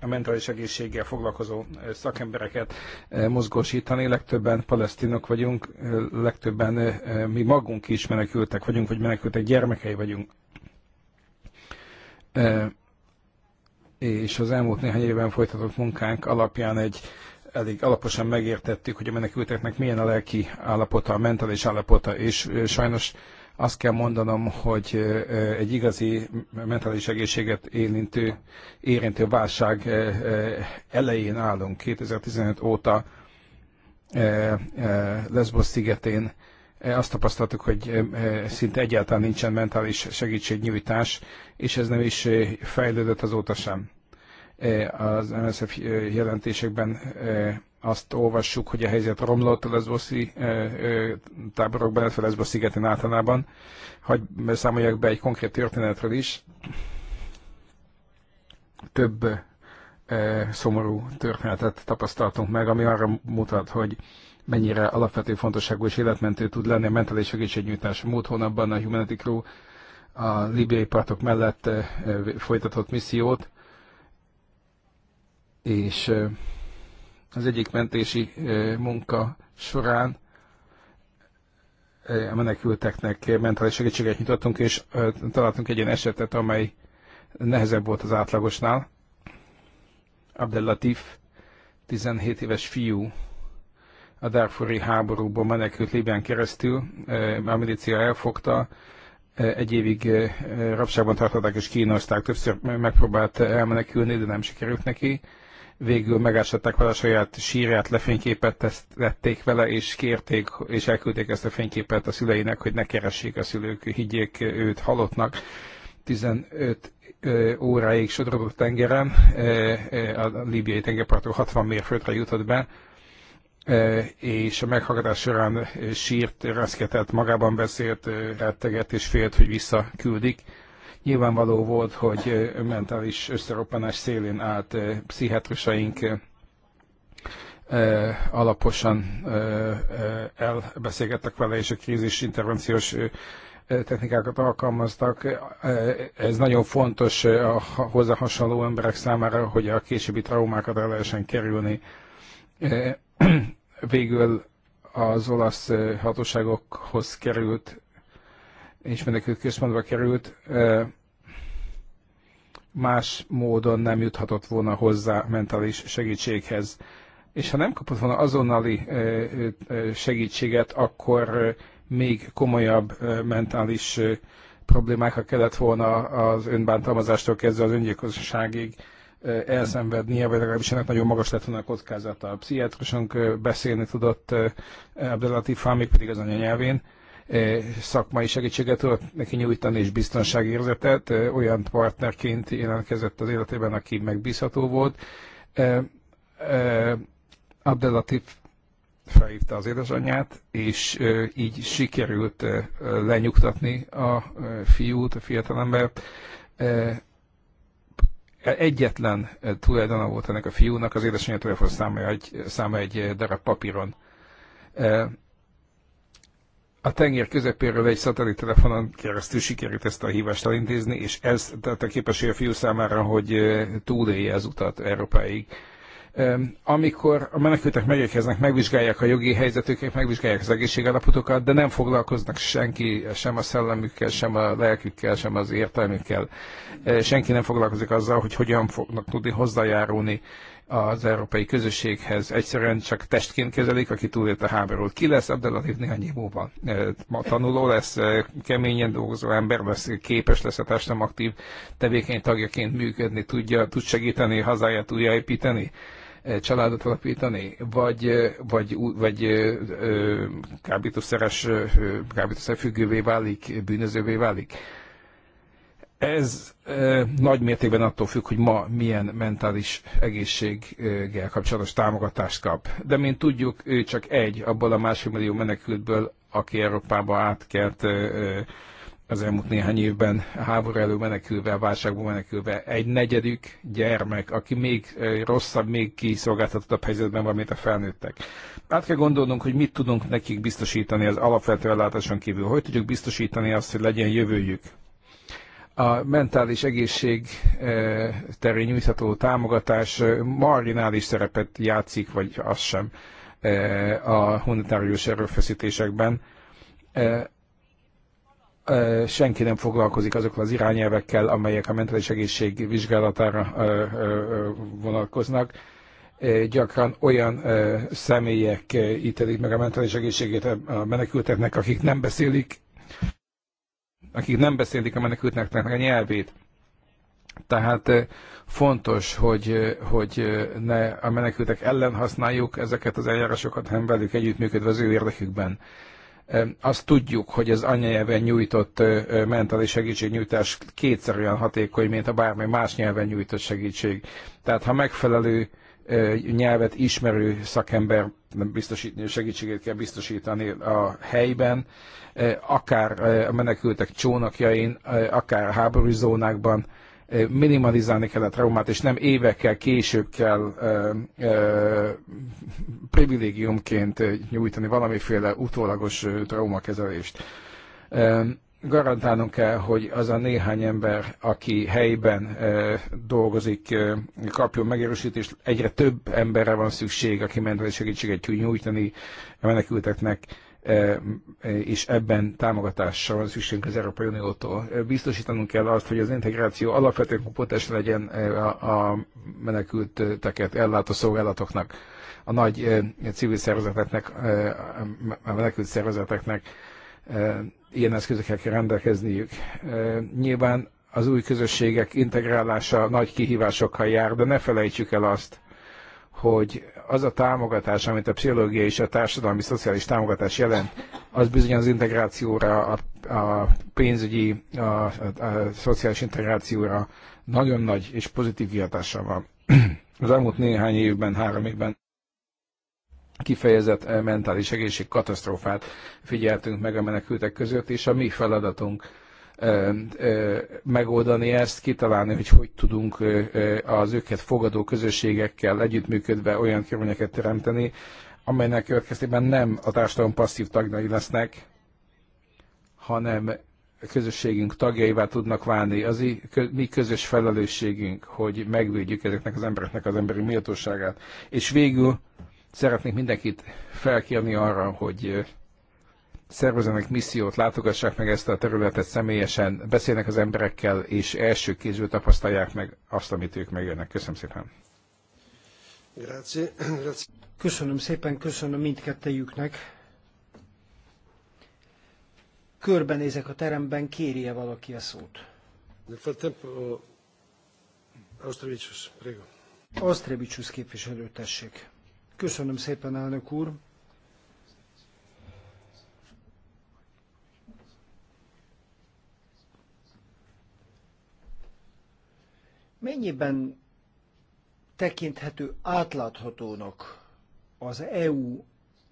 a mentális egészséggel foglalkozó eh, szakembereket eh, mozgósítani. Legtöbben palesztinok vagyunk, eh, legtöbben mi magunk is menekültek vagyunk, vagy menekültek gyermekei vagyunk. És az elmúlt néhány évben folytatott munkánk alapján egy elég alaposan megértettük, hogy a menekülteknek milyen a lelki állapota, a mentális állapota, és sajnos azt kell mondanom, hogy egy igazi mentális egészséget érintő, érintő válság elején állunk 2015 óta Lesbos szigetén. Azt tapasztaltuk, hogy szinte egyáltalán nincsen mentális segítségnyújtás, és ez nem is fejlődött azóta sem. E, az MSZF e, jelentésekben e, azt olvassuk, hogy a helyzet romlott a leszboszi táborokban, illetve leszboszi szigeten általában. hogy számoljak be egy konkrét történetről is. Több szomorú történetet tapasztaltunk meg, ami arra mutat, hogy mennyire alapvető fontosságú és életmentő tud lenni a mentális segítségnyújtás. Múlt hónapban a Humanity Crew a libiai partok mellett folytatott missziót, és az egyik mentési munka során a menekülteknek mentális segítséget nyitottunk, és találtunk egy olyan esetet, amely nehezebb volt az átlagosnál. Abdellatif, 17 éves fiú, a Darfuri háborúban menekült Libyán keresztül, a milícia elfogta, egy évig rabságban tartották és kínozták, többször megpróbált elmenekülni, de nem sikerült neki végül megesettek vele a saját sírját, tették vele, és kérték, és elküldték ezt a fényképet a szüleinek, hogy ne keressék a szülők, higgyék őt halottnak. 15 óráig sodrodott tengeren, a líbiai tengerparton 60 mérföldre jutott be, és a meghallgatás során sírt, reszketett, magában beszélt, rettegett és félt, hogy visszaküldik Nyilvánvaló volt, hogy mentális összeroppanás szélén állt pszichiátrisaink alaposan elbeszélgettek vele, és a krízis intervenciós technikákat alkalmaztak. Ez nagyon fontos a hozzá hasonló emberek számára, hogy a későbbi traumákat el lehessen kerülni. Végül az olasz hatóságokhoz került és menekült központba került, más módon nem juthatott volna hozzá mentális segítséghez. És ha nem kapott volna azonnali segítséget, akkor még komolyabb mentális problémákra kellett volna az önbántalmazástól kezdve az öngyilkosságig elszenvednie, vagy legalábbis ennek nagyon magas lett volna a kockázata. A pszichiátrusunk beszélni tudott Abdelatif Fámik pedig az anyanyelvén, E, szakmai segítséget tudott neki nyújtani és biztonságérzetet. E, olyan partnerként jelentkezett az életében, aki megbízható volt. E, Abdelatif felhívta az édesanyját, és így sikerült lenyugtatni a fiút, a fiatalembert. Egyetlen tulajdona volt ennek a fiúnak, az édesanyja telefonszáma egy, egy darab papíron a tenger közepéről egy telefonon keresztül sikerült ezt a hívást elintézni, és ez a képesség a fiú számára, hogy túlélje az utat Európáig. Amikor a menekültek megérkeznek, megvizsgálják a jogi helyzetüket, megvizsgálják az egészségállapotokat, de nem foglalkoznak senki sem a szellemükkel, sem a lelkükkel, sem az értelmükkel. Senki nem foglalkozik azzal, hogy hogyan fognak tudni hozzájárulni az európai közösséghez. Egyszerűen csak testként kezelik, aki túlélt a háborút. Ki lesz Abdelatif néhány év múlva? Ma tanuló lesz, keményen dolgozó ember lesz, képes lesz a társadalom aktív tevékeny tagjaként működni, tudja, tud segíteni hazáját újjáépíteni? családot alapítani, vagy, vagy, vagy kábítószeres, kábítószer függővé válik, bűnözővé válik. Ez e, nagy mértékben attól függ, hogy ma milyen mentális egészséggel kapcsolatos támogatást kap. De mint tudjuk, ő csak egy abból a másfél millió menekültből, aki Európába átkelt e, az elmúlt néhány évben háború elő menekülve, válságba menekülve, egy negyedük gyermek, aki még rosszabb, még kiszolgáltatottabb helyzetben van, mint a felnőttek. Át kell gondolnunk, hogy mit tudunk nekik biztosítani az alapvető ellátáson kívül, hogy tudjuk biztosítani azt, hogy legyen jövőjük, a mentális egészség e, terén nyújtható támogatás e, marginális szerepet játszik, vagy az sem e, a humanitárius erőfeszítésekben. Senki nem foglalkozik azokkal az irányelvekkel, amelyek a mentális egészség vizsgálatára vonatkoznak. Gyakran olyan személyek ítelik meg a mentális egészségét a menekülteknek, akik nem beszélik akik nem beszélik a menekülteknek a nyelvét. Tehát eh, fontos, hogy, eh, hogy eh, ne a menekültek ellen használjuk ezeket az eljárásokat, hanem velük együttműködve az ő érdekükben. Azt tudjuk, hogy az anyanyelven nyújtott mentális segítségnyújtás kétszer olyan hatékony, mint a bármely más nyelven nyújtott segítség. Tehát ha megfelelő nyelvet ismerő szakember biztosítani, segítségét kell biztosítani a helyben, akár a menekültek csónakjain, akár háborús zónákban, minimalizálni kell a traumát, és nem évekkel később kell ö, ö, privilégiumként nyújtani valamiféle utólagos traumakezelést garantálnunk kell, hogy az a néhány ember, aki helyben dolgozik, kapjon megerősítést. Egyre több emberre van szükség, aki mentális segítséget tud nyújtani a menekülteknek, és ebben támogatásra van szükségünk az Európai Uniótól. Biztosítanunk kell azt, hogy az integráció alapvető kompotens legyen a menekülteket ellátó szolgálatoknak, a nagy civil szervezeteknek, a menekült szervezeteknek, ilyen eszközökkel kell rendelkezniük. Nyilván az új közösségek integrálása nagy kihívásokkal jár, de ne felejtsük el azt, hogy az a támogatás, amit a pszichológia és a társadalmi szociális támogatás jelent, az bizony az integrációra, a, a pénzügyi, a, a, a szociális integrációra nagyon nagy és pozitív hatása van. Az elmúlt néhány évben, három évben kifejezett eh, mentális egészség katasztrófát figyeltünk meg a menekültek között, és a mi feladatunk eh, eh, megoldani ezt, kitalálni, hogy hogy tudunk az őket fogadó közösségekkel együttműködve olyan körülményeket teremteni, amelynek következtében nem a társadalom passzív tagjai lesznek, hanem a közösségünk tagjaivá tudnak válni. Az mi közös felelősségünk, hogy megvédjük ezeknek az embereknek az emberi méltóságát. És végül Szeretnék mindenkit felkérni arra, hogy szervezenek missziót, látogassák meg ezt a területet személyesen, beszélnek az emberekkel, és első kézből tapasztalják meg azt, amit ők megélnek. Köszönöm szépen. Grazie. Grazie. Köszönöm szépen, köszönöm mindkettejüknek. Körbenézek a teremben, kérje valaki a szót. Nel prego. képviselő, tessék. Köszönöm szépen, elnök úr. Mennyiben tekinthető átláthatónak az EU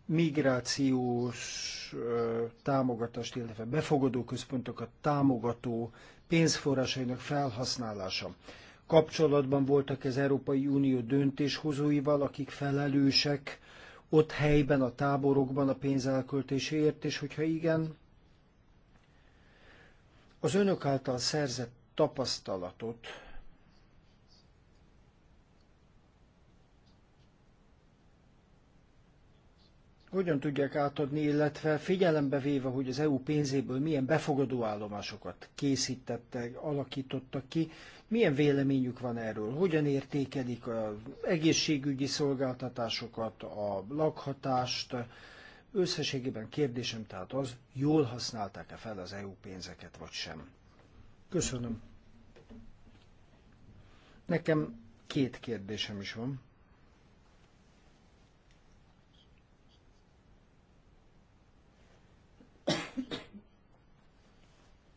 migrációs támogatást, illetve befogadó központokat támogató pénzforrásainak felhasználása kapcsolatban voltak az Európai Unió döntéshozóival, akik felelősek ott helyben, a táborokban a pénz elköltéséért, és hogyha igen, az önök által szerzett tapasztalatot hogyan tudják átadni, illetve figyelembe véve, hogy az EU pénzéből milyen befogadó állomásokat készítettek, alakítottak ki, milyen véleményük van erről? Hogyan értékelik az egészségügyi szolgáltatásokat, a lakhatást? Összességében kérdésem tehát az, jól használták-e fel az EU pénzeket, vagy sem? Köszönöm. Nekem két kérdésem is van.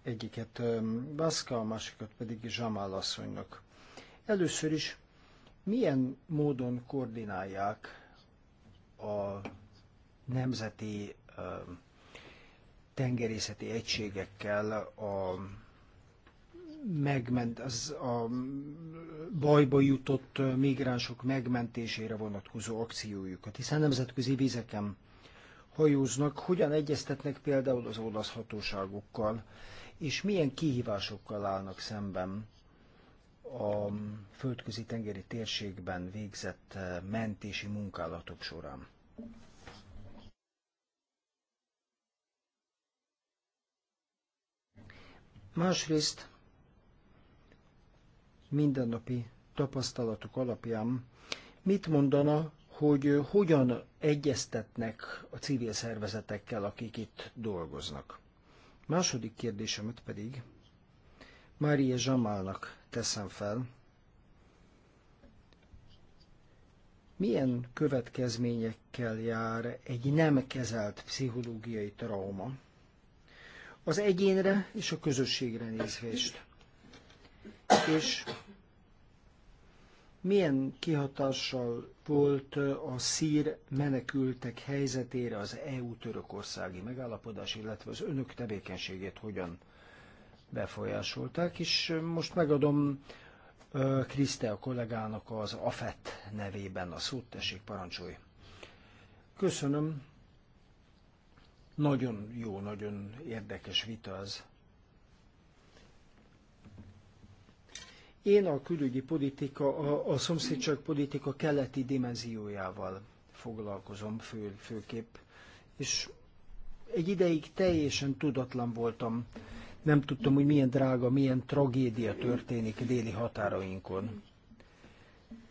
Egyiket Baszka, a másikat pedig Zsamál asszonynak. Először is, milyen módon koordinálják a nemzeti tengerészeti egységekkel a megment, az a bajba jutott migránsok megmentésére vonatkozó akciójukat, hiszen nemzetközi vizeken hajóznak, hogyan egyeztetnek például az olasz hatóságokkal, és milyen kihívásokkal állnak szemben a földközi tengeri térségben végzett eh, mentési munkálatok során. Másrészt mindennapi tapasztalatok alapján mit mondana hogy hogyan egyeztetnek a civil szervezetekkel, akik itt dolgoznak. Második kérdésemet pedig Mária Zsamálnak teszem fel. Milyen következményekkel jár egy nem kezelt pszichológiai trauma? Az egyénre és a közösségre nézvést. És milyen kihatással volt a szír menekültek helyzetére az EU-törökországi megállapodás, illetve az önök tevékenységét hogyan befolyásolták, és most megadom Kriszte a kollégának az AFET nevében a szót, tessék parancsolj. Köszönöm. Nagyon jó, nagyon érdekes vita ez. Én a külügyi politika, a, a szomszédság politika keleti dimenziójával foglalkozom fő, főképp, és egy ideig teljesen tudatlan voltam. Nem tudtam, hogy milyen drága, milyen tragédia történik déli határainkon.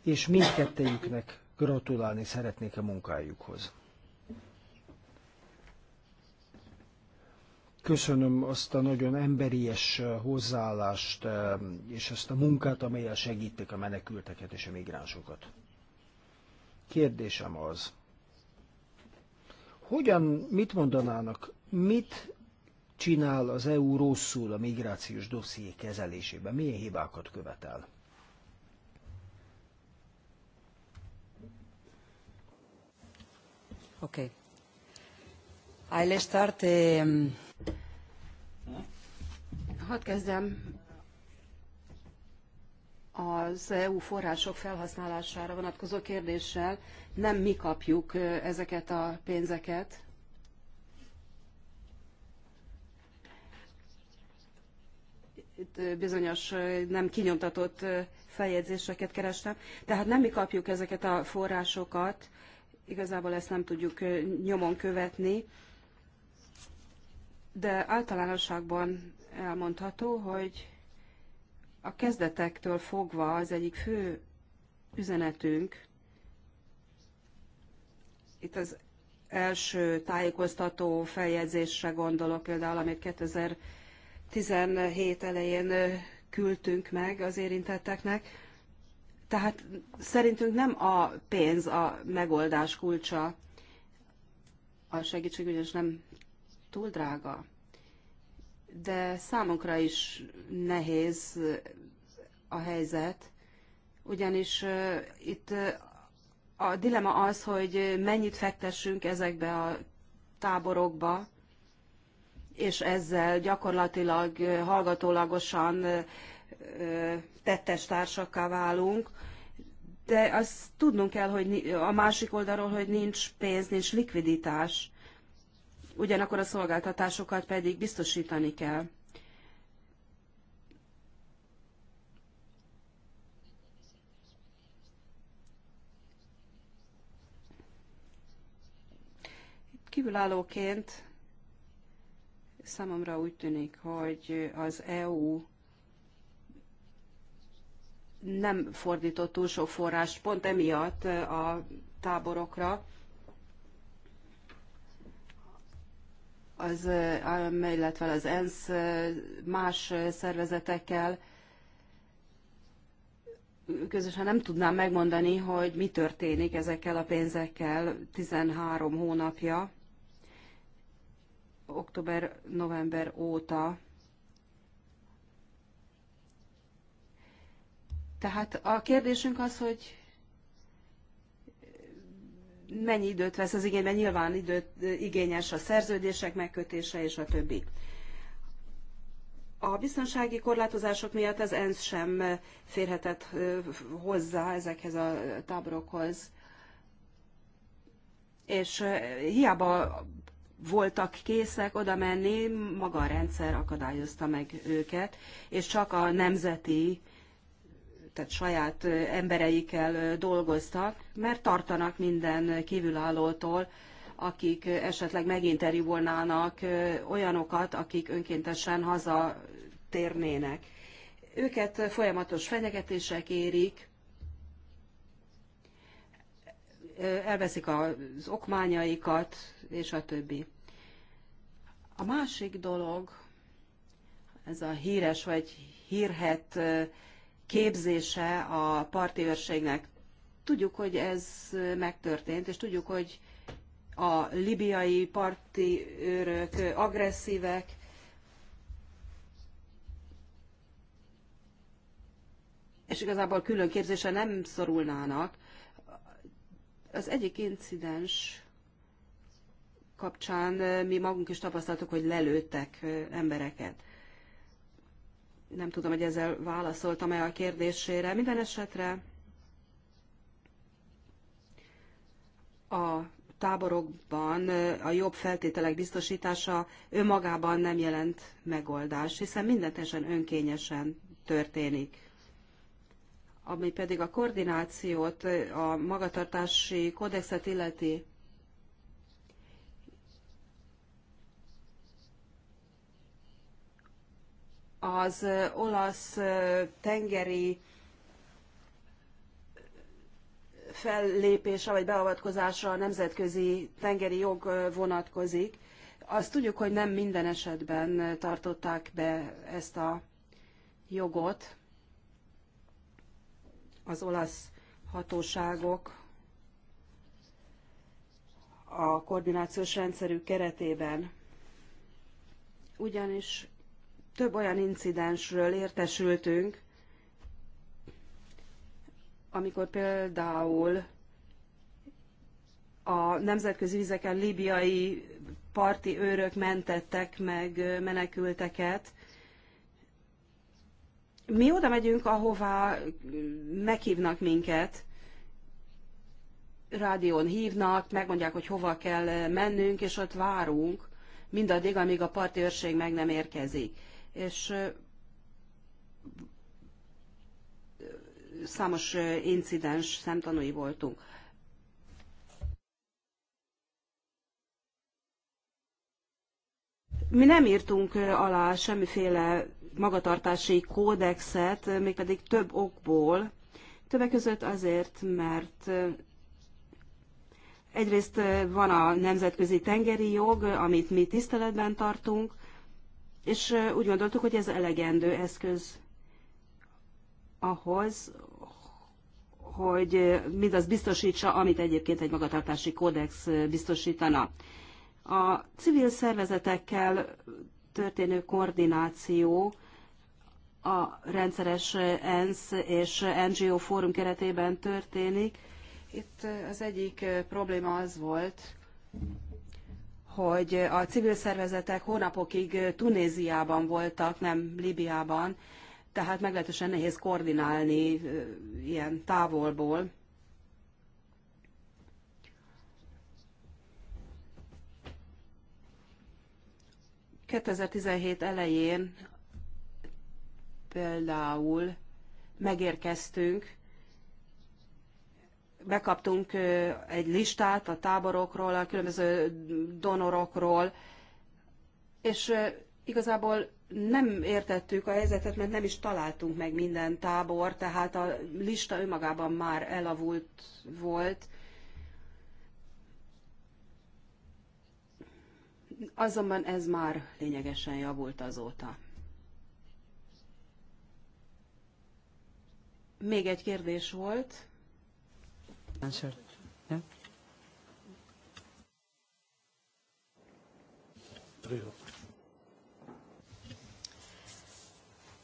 És mindkettejüknek gratulálni szeretnék a munkájukhoz. Köszönöm azt a nagyon emberies hozzáállást és azt a munkát, amelyel segítik a menekülteket és a migránsokat. Kérdésem az, hogyan, mit mondanának, mit csinál az EU rosszul a migrációs dosszié kezelésében? Milyen hibákat követel? Oké. Okay. I'll start um, Hadd kezdem az EU források felhasználására vonatkozó kérdéssel. Nem mi kapjuk ezeket a pénzeket. Itt bizonyos nem kinyomtatott feljegyzéseket kerestem. Tehát nem mi kapjuk ezeket a forrásokat, igazából ezt nem tudjuk nyomon követni, de általánosságban elmondható, hogy a kezdetektől fogva az egyik fő üzenetünk, itt az első tájékoztató feljegyzésre gondolok például, amit 2017 elején küldtünk meg az érintetteknek. Tehát szerintünk nem a pénz a megoldás kulcsa, a segítségügy, nem túl drága de számunkra is nehéz a helyzet, ugyanis itt a dilema az, hogy mennyit fektessünk ezekbe a táborokba, és ezzel gyakorlatilag hallgatólagosan tettes társakká válunk, de azt tudnunk kell, hogy a másik oldalról, hogy nincs pénz, nincs likviditás ugyanakkor a szolgáltatásokat pedig biztosítani kell. Kívülállóként számomra úgy tűnik, hogy az EU nem fordított túl sok forrást pont emiatt a táborokra, az AM, eh, illetve az ENSZ eh, más eh, szervezetekkel. Közösen nem tudnám megmondani, hogy mi történik ezekkel a pénzekkel 13 hónapja, október-november óta. Tehát a kérdésünk az, hogy mennyi időt vesz az igénybe, nyilván időt igényes a szerződések megkötése és a többi. A biztonsági korlátozások miatt az ENSZ sem férhetett hozzá ezekhez a táborokhoz. És hiába voltak készek oda menni, maga a rendszer akadályozta meg őket, és csak a nemzeti tehát saját embereikkel dolgoztak, mert tartanak minden kívülállótól, akik esetleg meginterjúvolnának olyanokat, akik önkéntesen hazatérnének. Őket folyamatos fenyegetések érik, elveszik az okmányaikat, és a többi. A másik dolog, ez a híres vagy hírhet képzése a parti őrségnek. Tudjuk, hogy ez megtörtént, és tudjuk, hogy a libiai parti őrök agresszívek, és igazából külön képzése nem szorulnának. Az egyik incidens kapcsán eh, mi magunk is tapasztaltuk, hogy lelőttek eh, embereket. Nem tudom, hogy ezzel válaszoltam-e a kérdésére. Minden esetre a táborokban a jobb feltételek biztosítása önmagában nem jelent megoldást, hiszen mindentesen önkényesen történik. Ami pedig a koordinációt, a magatartási kódexet illeti, az olasz tengeri fellépése vagy beavatkozása a nemzetközi tengeri jog vonatkozik. Azt tudjuk, hogy nem minden esetben tartották be ezt a jogot az olasz hatóságok a koordinációs rendszerük keretében. Ugyanis több olyan incidensről értesültünk, amikor például a nemzetközi vizeken libiai parti őrök mentettek meg menekülteket. Mi oda megyünk, ahová meghívnak minket, rádión hívnak, megmondják, hogy hova kell mennünk, és ott várunk, mindaddig, amíg a parti őrség meg nem érkezik és számos incidens szemtanúi voltunk. Mi nem írtunk alá semmiféle magatartási kódexet, mégpedig több okból. Többek között azért, mert egyrészt van a nemzetközi tengeri jog, amit mi tiszteletben tartunk, és úgy gondoltuk, hogy ez elegendő eszköz ahhoz, hogy mindaz biztosítsa, amit egyébként egy magatartási kódex biztosítana. A civil szervezetekkel történő koordináció a rendszeres ENSZ és NGO fórum keretében történik. Itt az egyik probléma az volt, hogy a civil szervezetek hónapokig Tunéziában voltak, nem Libiában, tehát meglehetősen nehéz koordinálni ilyen távolból. ...2017 elején például megérkeztünk bekaptunk egy listát a táborokról, a különböző donorokról, és igazából nem értettük a helyzetet, mert nem is találtunk meg minden tábor, tehát a lista önmagában már elavult volt. Azonban ez már lényegesen javult azóta. Még egy kérdés volt. Answer. Yeah?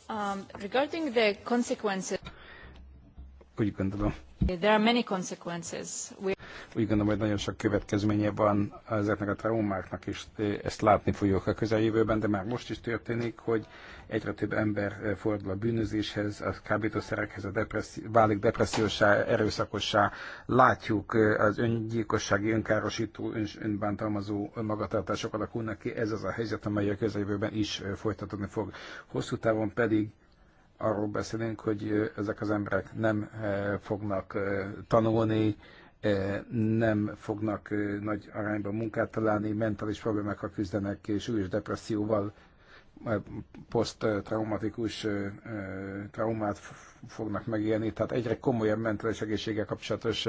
Um, regarding the consequences, There are many consequences. We... Úgy gondolom, hogy nagyon sok következménye van ezeknek a traumáknak, és ezt látni fogjuk a közeljövőben, de már most is történik, hogy egyre több ember eh, fordul a bűnözéshez, a kábítószerekhez, a depresszi- válik depressziósá, erőszakossá. Látjuk eh, az öngyilkossági, önkárosító, ön- önbántalmazó magatartások alakulnak ki. Ez az a helyzet, amely a közeljövőben is eh, folytatódni fog. Hosszú távon pedig arról beszélünk, hogy ezek az emberek nem fognak tanulni, nem fognak nagy arányban munkát találni, mentális problémákkal küzdenek, és súlyos depresszióval poszttraumatikus traumát fognak megélni, tehát egyre komolyabb mentális egészséggel kapcsolatos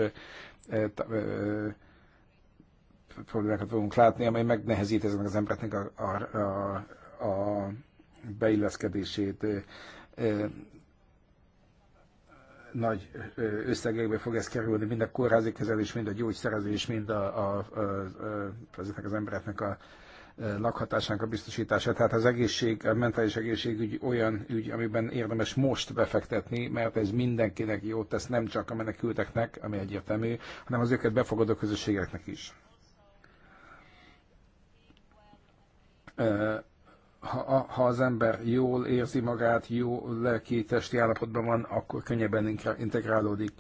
problémákat fogunk látni, amely megnehezít ezeknek az embereknek a, a, a, a beilleszkedését. Nagy összegekbe fog ez kerülni, mind a kórházi kezelés, mind a gyógyszerezés, mind a, a, a, ezeknek az embereknek a, Eh, lakhatásának a biztosítása. Tehát az egészség, a mentális egészségügy olyan ügy, amiben érdemes most befektetni, mert ez mindenkinek jót tesz, nem csak a menekülteknek, ami egyértelmű, hanem az őket befogadó közösségeknek is. Eh, ha, ha az ember jól érzi magát, jó lelki, testi állapotban van, akkor könnyebben integrálódik,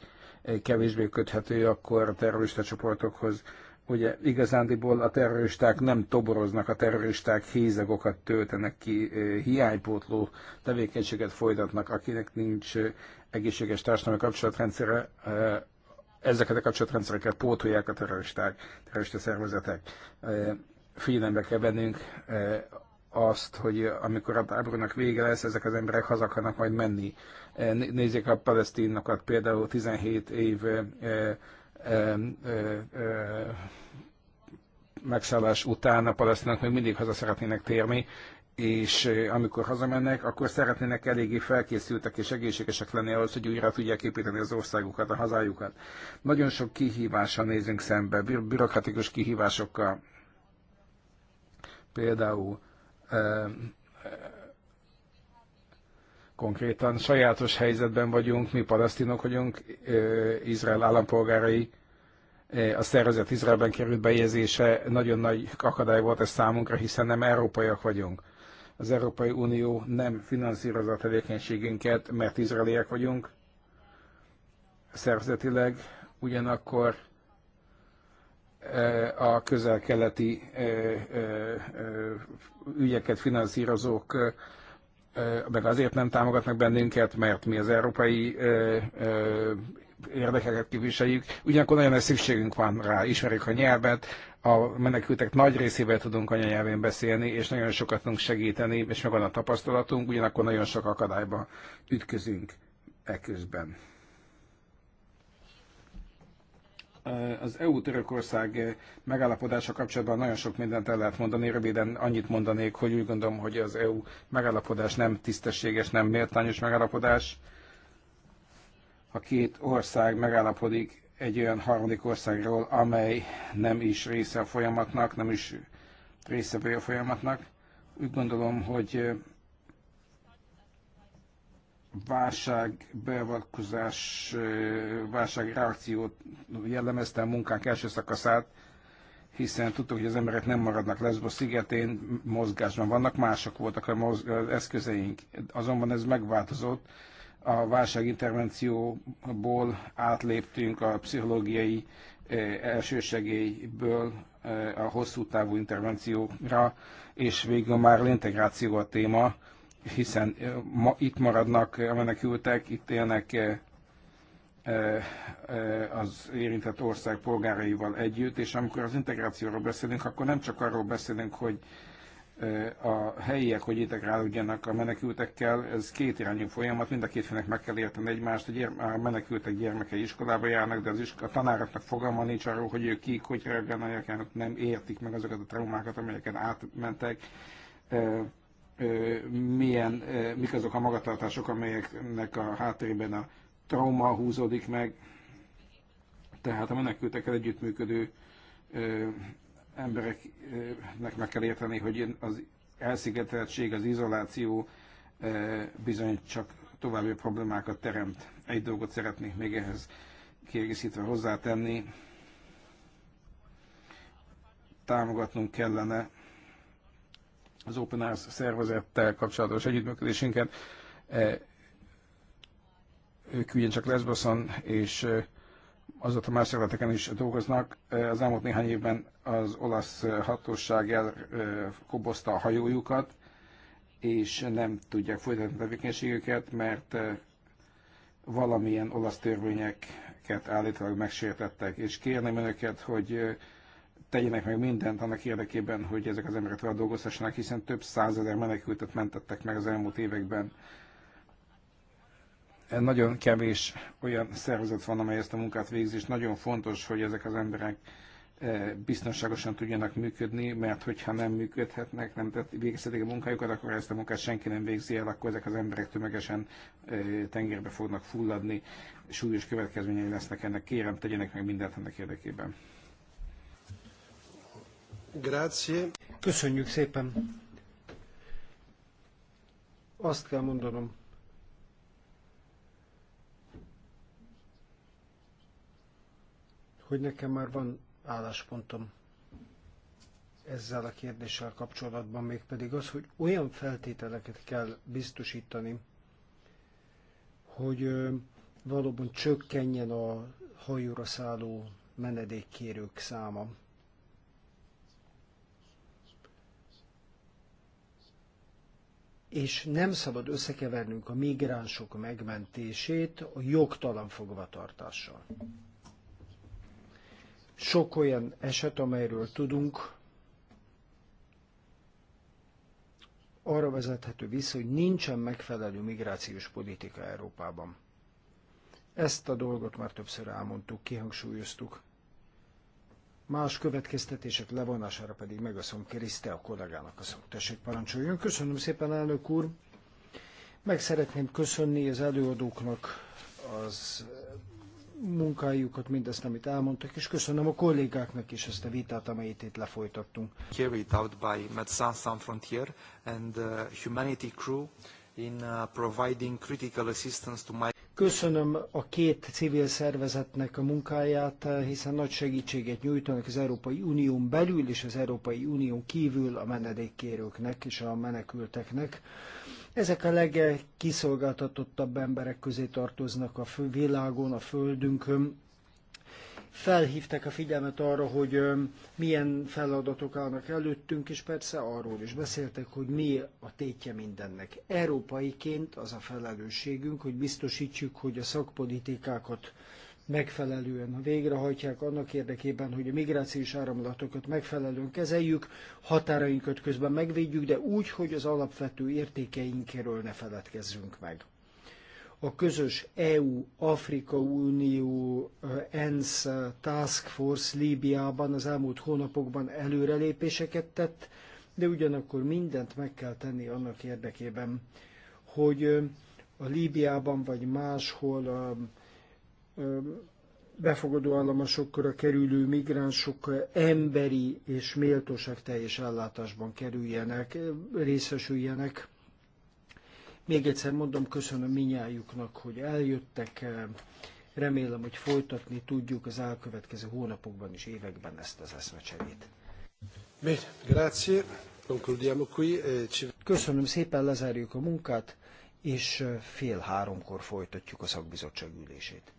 eh, kevésbé köthető akkor terrorista csoportokhoz, Ugye igazándiból a terroristák nem toboroznak, a terroristák hézagokat töltenek ki, eh, hiánypótló tevékenységet folytatnak, akinek nincs eh, egészséges társadalmi kapcsolatrendszere, eh, ezeket a kapcsolatrendszereket pótolják a terroristák, terrorista szervezetek. Figyelembe kell vennünk azt, hogy amikor a tábornak vége lesz, ezek az emberek haza akarnak majd menni. Nézzék a palesztinokat, például 17 év megszállás után a palesztinok még mindig haza szeretnének térni, és amikor hazamennek, akkor szeretnének eléggé felkészültek és egészségesek lenni ahhoz, hogy újra tudják építeni az országukat, a hazájukat. Nagyon sok kihívással nézünk szembe, bürokratikus kihívásokkal. Például Konkrétan sajátos helyzetben vagyunk, mi palesztinok vagyunk, Izrael állampolgárai, a szervezet Izraelben került bejegyzése nagyon nagy akadály volt ez számunkra, hiszen nem európaiak vagyunk. Az Európai Unió nem finanszírozza a tevékenységünket, mert izraeliek vagyunk szervezetileg, ugyanakkor a közel-keleti ügyeket finanszírozók meg azért nem támogatnak bennünket, mert mi az európai érdekeket képviseljük. Ugyanakkor nagyon nagy szükségünk van rá, ismerjük a nyelvet, a menekültek nagy részével tudunk anyanyelvén beszélni, és nagyon sokat tudunk segíteni, és megvan a tapasztalatunk, ugyanakkor nagyon sok akadályba ütközünk eközben. az EU-Törökország megállapodása kapcsolatban nagyon sok mindent el lehet mondani. Röviden annyit mondanék, hogy úgy gondolom, hogy az EU megállapodás nem tisztességes, nem méltányos megállapodás. Ha két ország megállapodik egy olyan harmadik országról, amely nem is része a folyamatnak, nem is részevője a folyamatnak, úgy gondolom, hogy válság válságreakciót jellemezte a munkánk első szakaszát, hiszen tudtuk, hogy az emberek nem maradnak Lesbos szigetén, mozgásban vannak, mások voltak a mozg- az eszközeink. Azonban ez megváltozott, a válságintervencióból átléptünk a pszichológiai elsősegélyből a hosszú távú intervencióra, és végül már integráció a téma, hiszen ma itt maradnak a menekültek, itt élnek az érintett ország polgáraival együtt, és amikor az integrációról beszélünk, akkor nem csak arról beszélünk, hogy a helyiek, hogy integrálódjanak a menekültekkel, ez két irányú folyamat, mind a két félnek meg kell érteni egymást, a, a menekültek gyermekei iskolába járnak, de az is- a tanároknak fogalma nincs arról, hogy ők kik, hogy reagálnak, nem értik meg azokat a traumákat, amelyeket átmentek milyen, mik azok a magatartások, amelyeknek a háttérben a trauma húzódik meg. Tehát a menekültekkel együttműködő embereknek meg kell érteni, hogy az elszigeteltség, az izoláció bizony csak további problémákat teremt. Egy dolgot szeretnék még ehhez kiegészítve hozzátenni. Támogatnunk kellene az Open Arms szervezettel kapcsolatos együttműködésünket. E, ők ugyancsak Lesboson és e, azóta más területeken is dolgoznak. E, az elmúlt néhány évben az olasz hatóság elkobozta a hajójukat, és nem tudják folytatni tevékenységüket, mert valamilyen olasz törvényeket állítólag megsértettek. És kérném önöket, hogy tegyenek meg mindent annak érdekében, hogy ezek az emberek tovább hiszen több százezer menekültet mentettek meg az elmúlt években. Nagyon kevés olyan szervezet van, amely ezt a munkát végzi, és nagyon fontos, hogy ezek az emberek eh, biztonságosan tudjanak működni, mert hogyha nem működhetnek, nem végezhetik a munkájukat, akkor ezt a munkát senki nem végzi el, akkor ezek az emberek tömegesen eh, tengerbe fognak fulladni, súlyos következményei lesznek ennek. Kérem, tegyenek meg mindent ennek érdekében. Grazie. Köszönjük szépen. Azt kell mondanom, hogy nekem már van álláspontom ezzel a kérdéssel kapcsolatban, mégpedig az, hogy olyan feltételeket kell biztosítani, hogy valóban csökkenjen a hajóra szálló menedékkérők száma. és nem szabad összekevernünk a migránsok megmentését a jogtalan fogvatartással. Sok olyan eset, amelyről tudunk, arra vezethető vissza, hogy nincsen megfelelő migrációs politika Európában. Ezt a dolgot már többször elmondtuk, kihangsúlyoztuk más következtetések levonására pedig megaszom Kriszte a kollégának a szoktesség parancsoljon. Köszönöm szépen, elnök úr. Meg szeretném köszönni az előadóknak az munkájukat, mindezt, amit elmondtak, és köszönöm a kollégáknak is ezt a vitát, amelyet itt lefolytattunk. Carried out by Médecins Frontier and the uh, Humanity Crew in uh, providing critical assistance to my Köszönöm a két civil szervezetnek a munkáját, hiszen nagy segítséget nyújtanak az Európai Unión belül és az Európai Unión kívül a menedékkérőknek és a menekülteknek. Ezek a legkiszolgáltatottabb emberek közé tartoznak a világon, a földünkön, felhívták a figyelmet arra, hogy milyen feladatok állnak előttünk, és persze arról is beszéltek, hogy mi a tétje mindennek. Európaiként az a felelősségünk, hogy biztosítsuk, hogy a szakpolitikákat megfelelően végrehajtják annak érdekében, hogy a migrációs áramlatokat megfelelően kezeljük, határainkat közben megvédjük, de úgy, hogy az alapvető értékeinkről ne feledkezzünk meg a közös EU-Afrika Unió ENSZ Task Force Líbiában az elmúlt hónapokban előrelépéseket tett, de ugyanakkor mindent meg kell tenni annak érdekében, hogy a Líbiában vagy máshol a befogadó államosokra kerülő migránsok emberi és méltóság teljes ellátásban kerüljenek, részesüljenek még egyszer mondom, köszönöm minnyájuknak, hogy eljöttek. Remélem, hogy folytatni tudjuk az elkövetkező hónapokban és években ezt az eszmecserét. Eh, köszönöm szépen, lezárjuk a munkát, és eh, fél háromkor folytatjuk a szakbizottság ülését.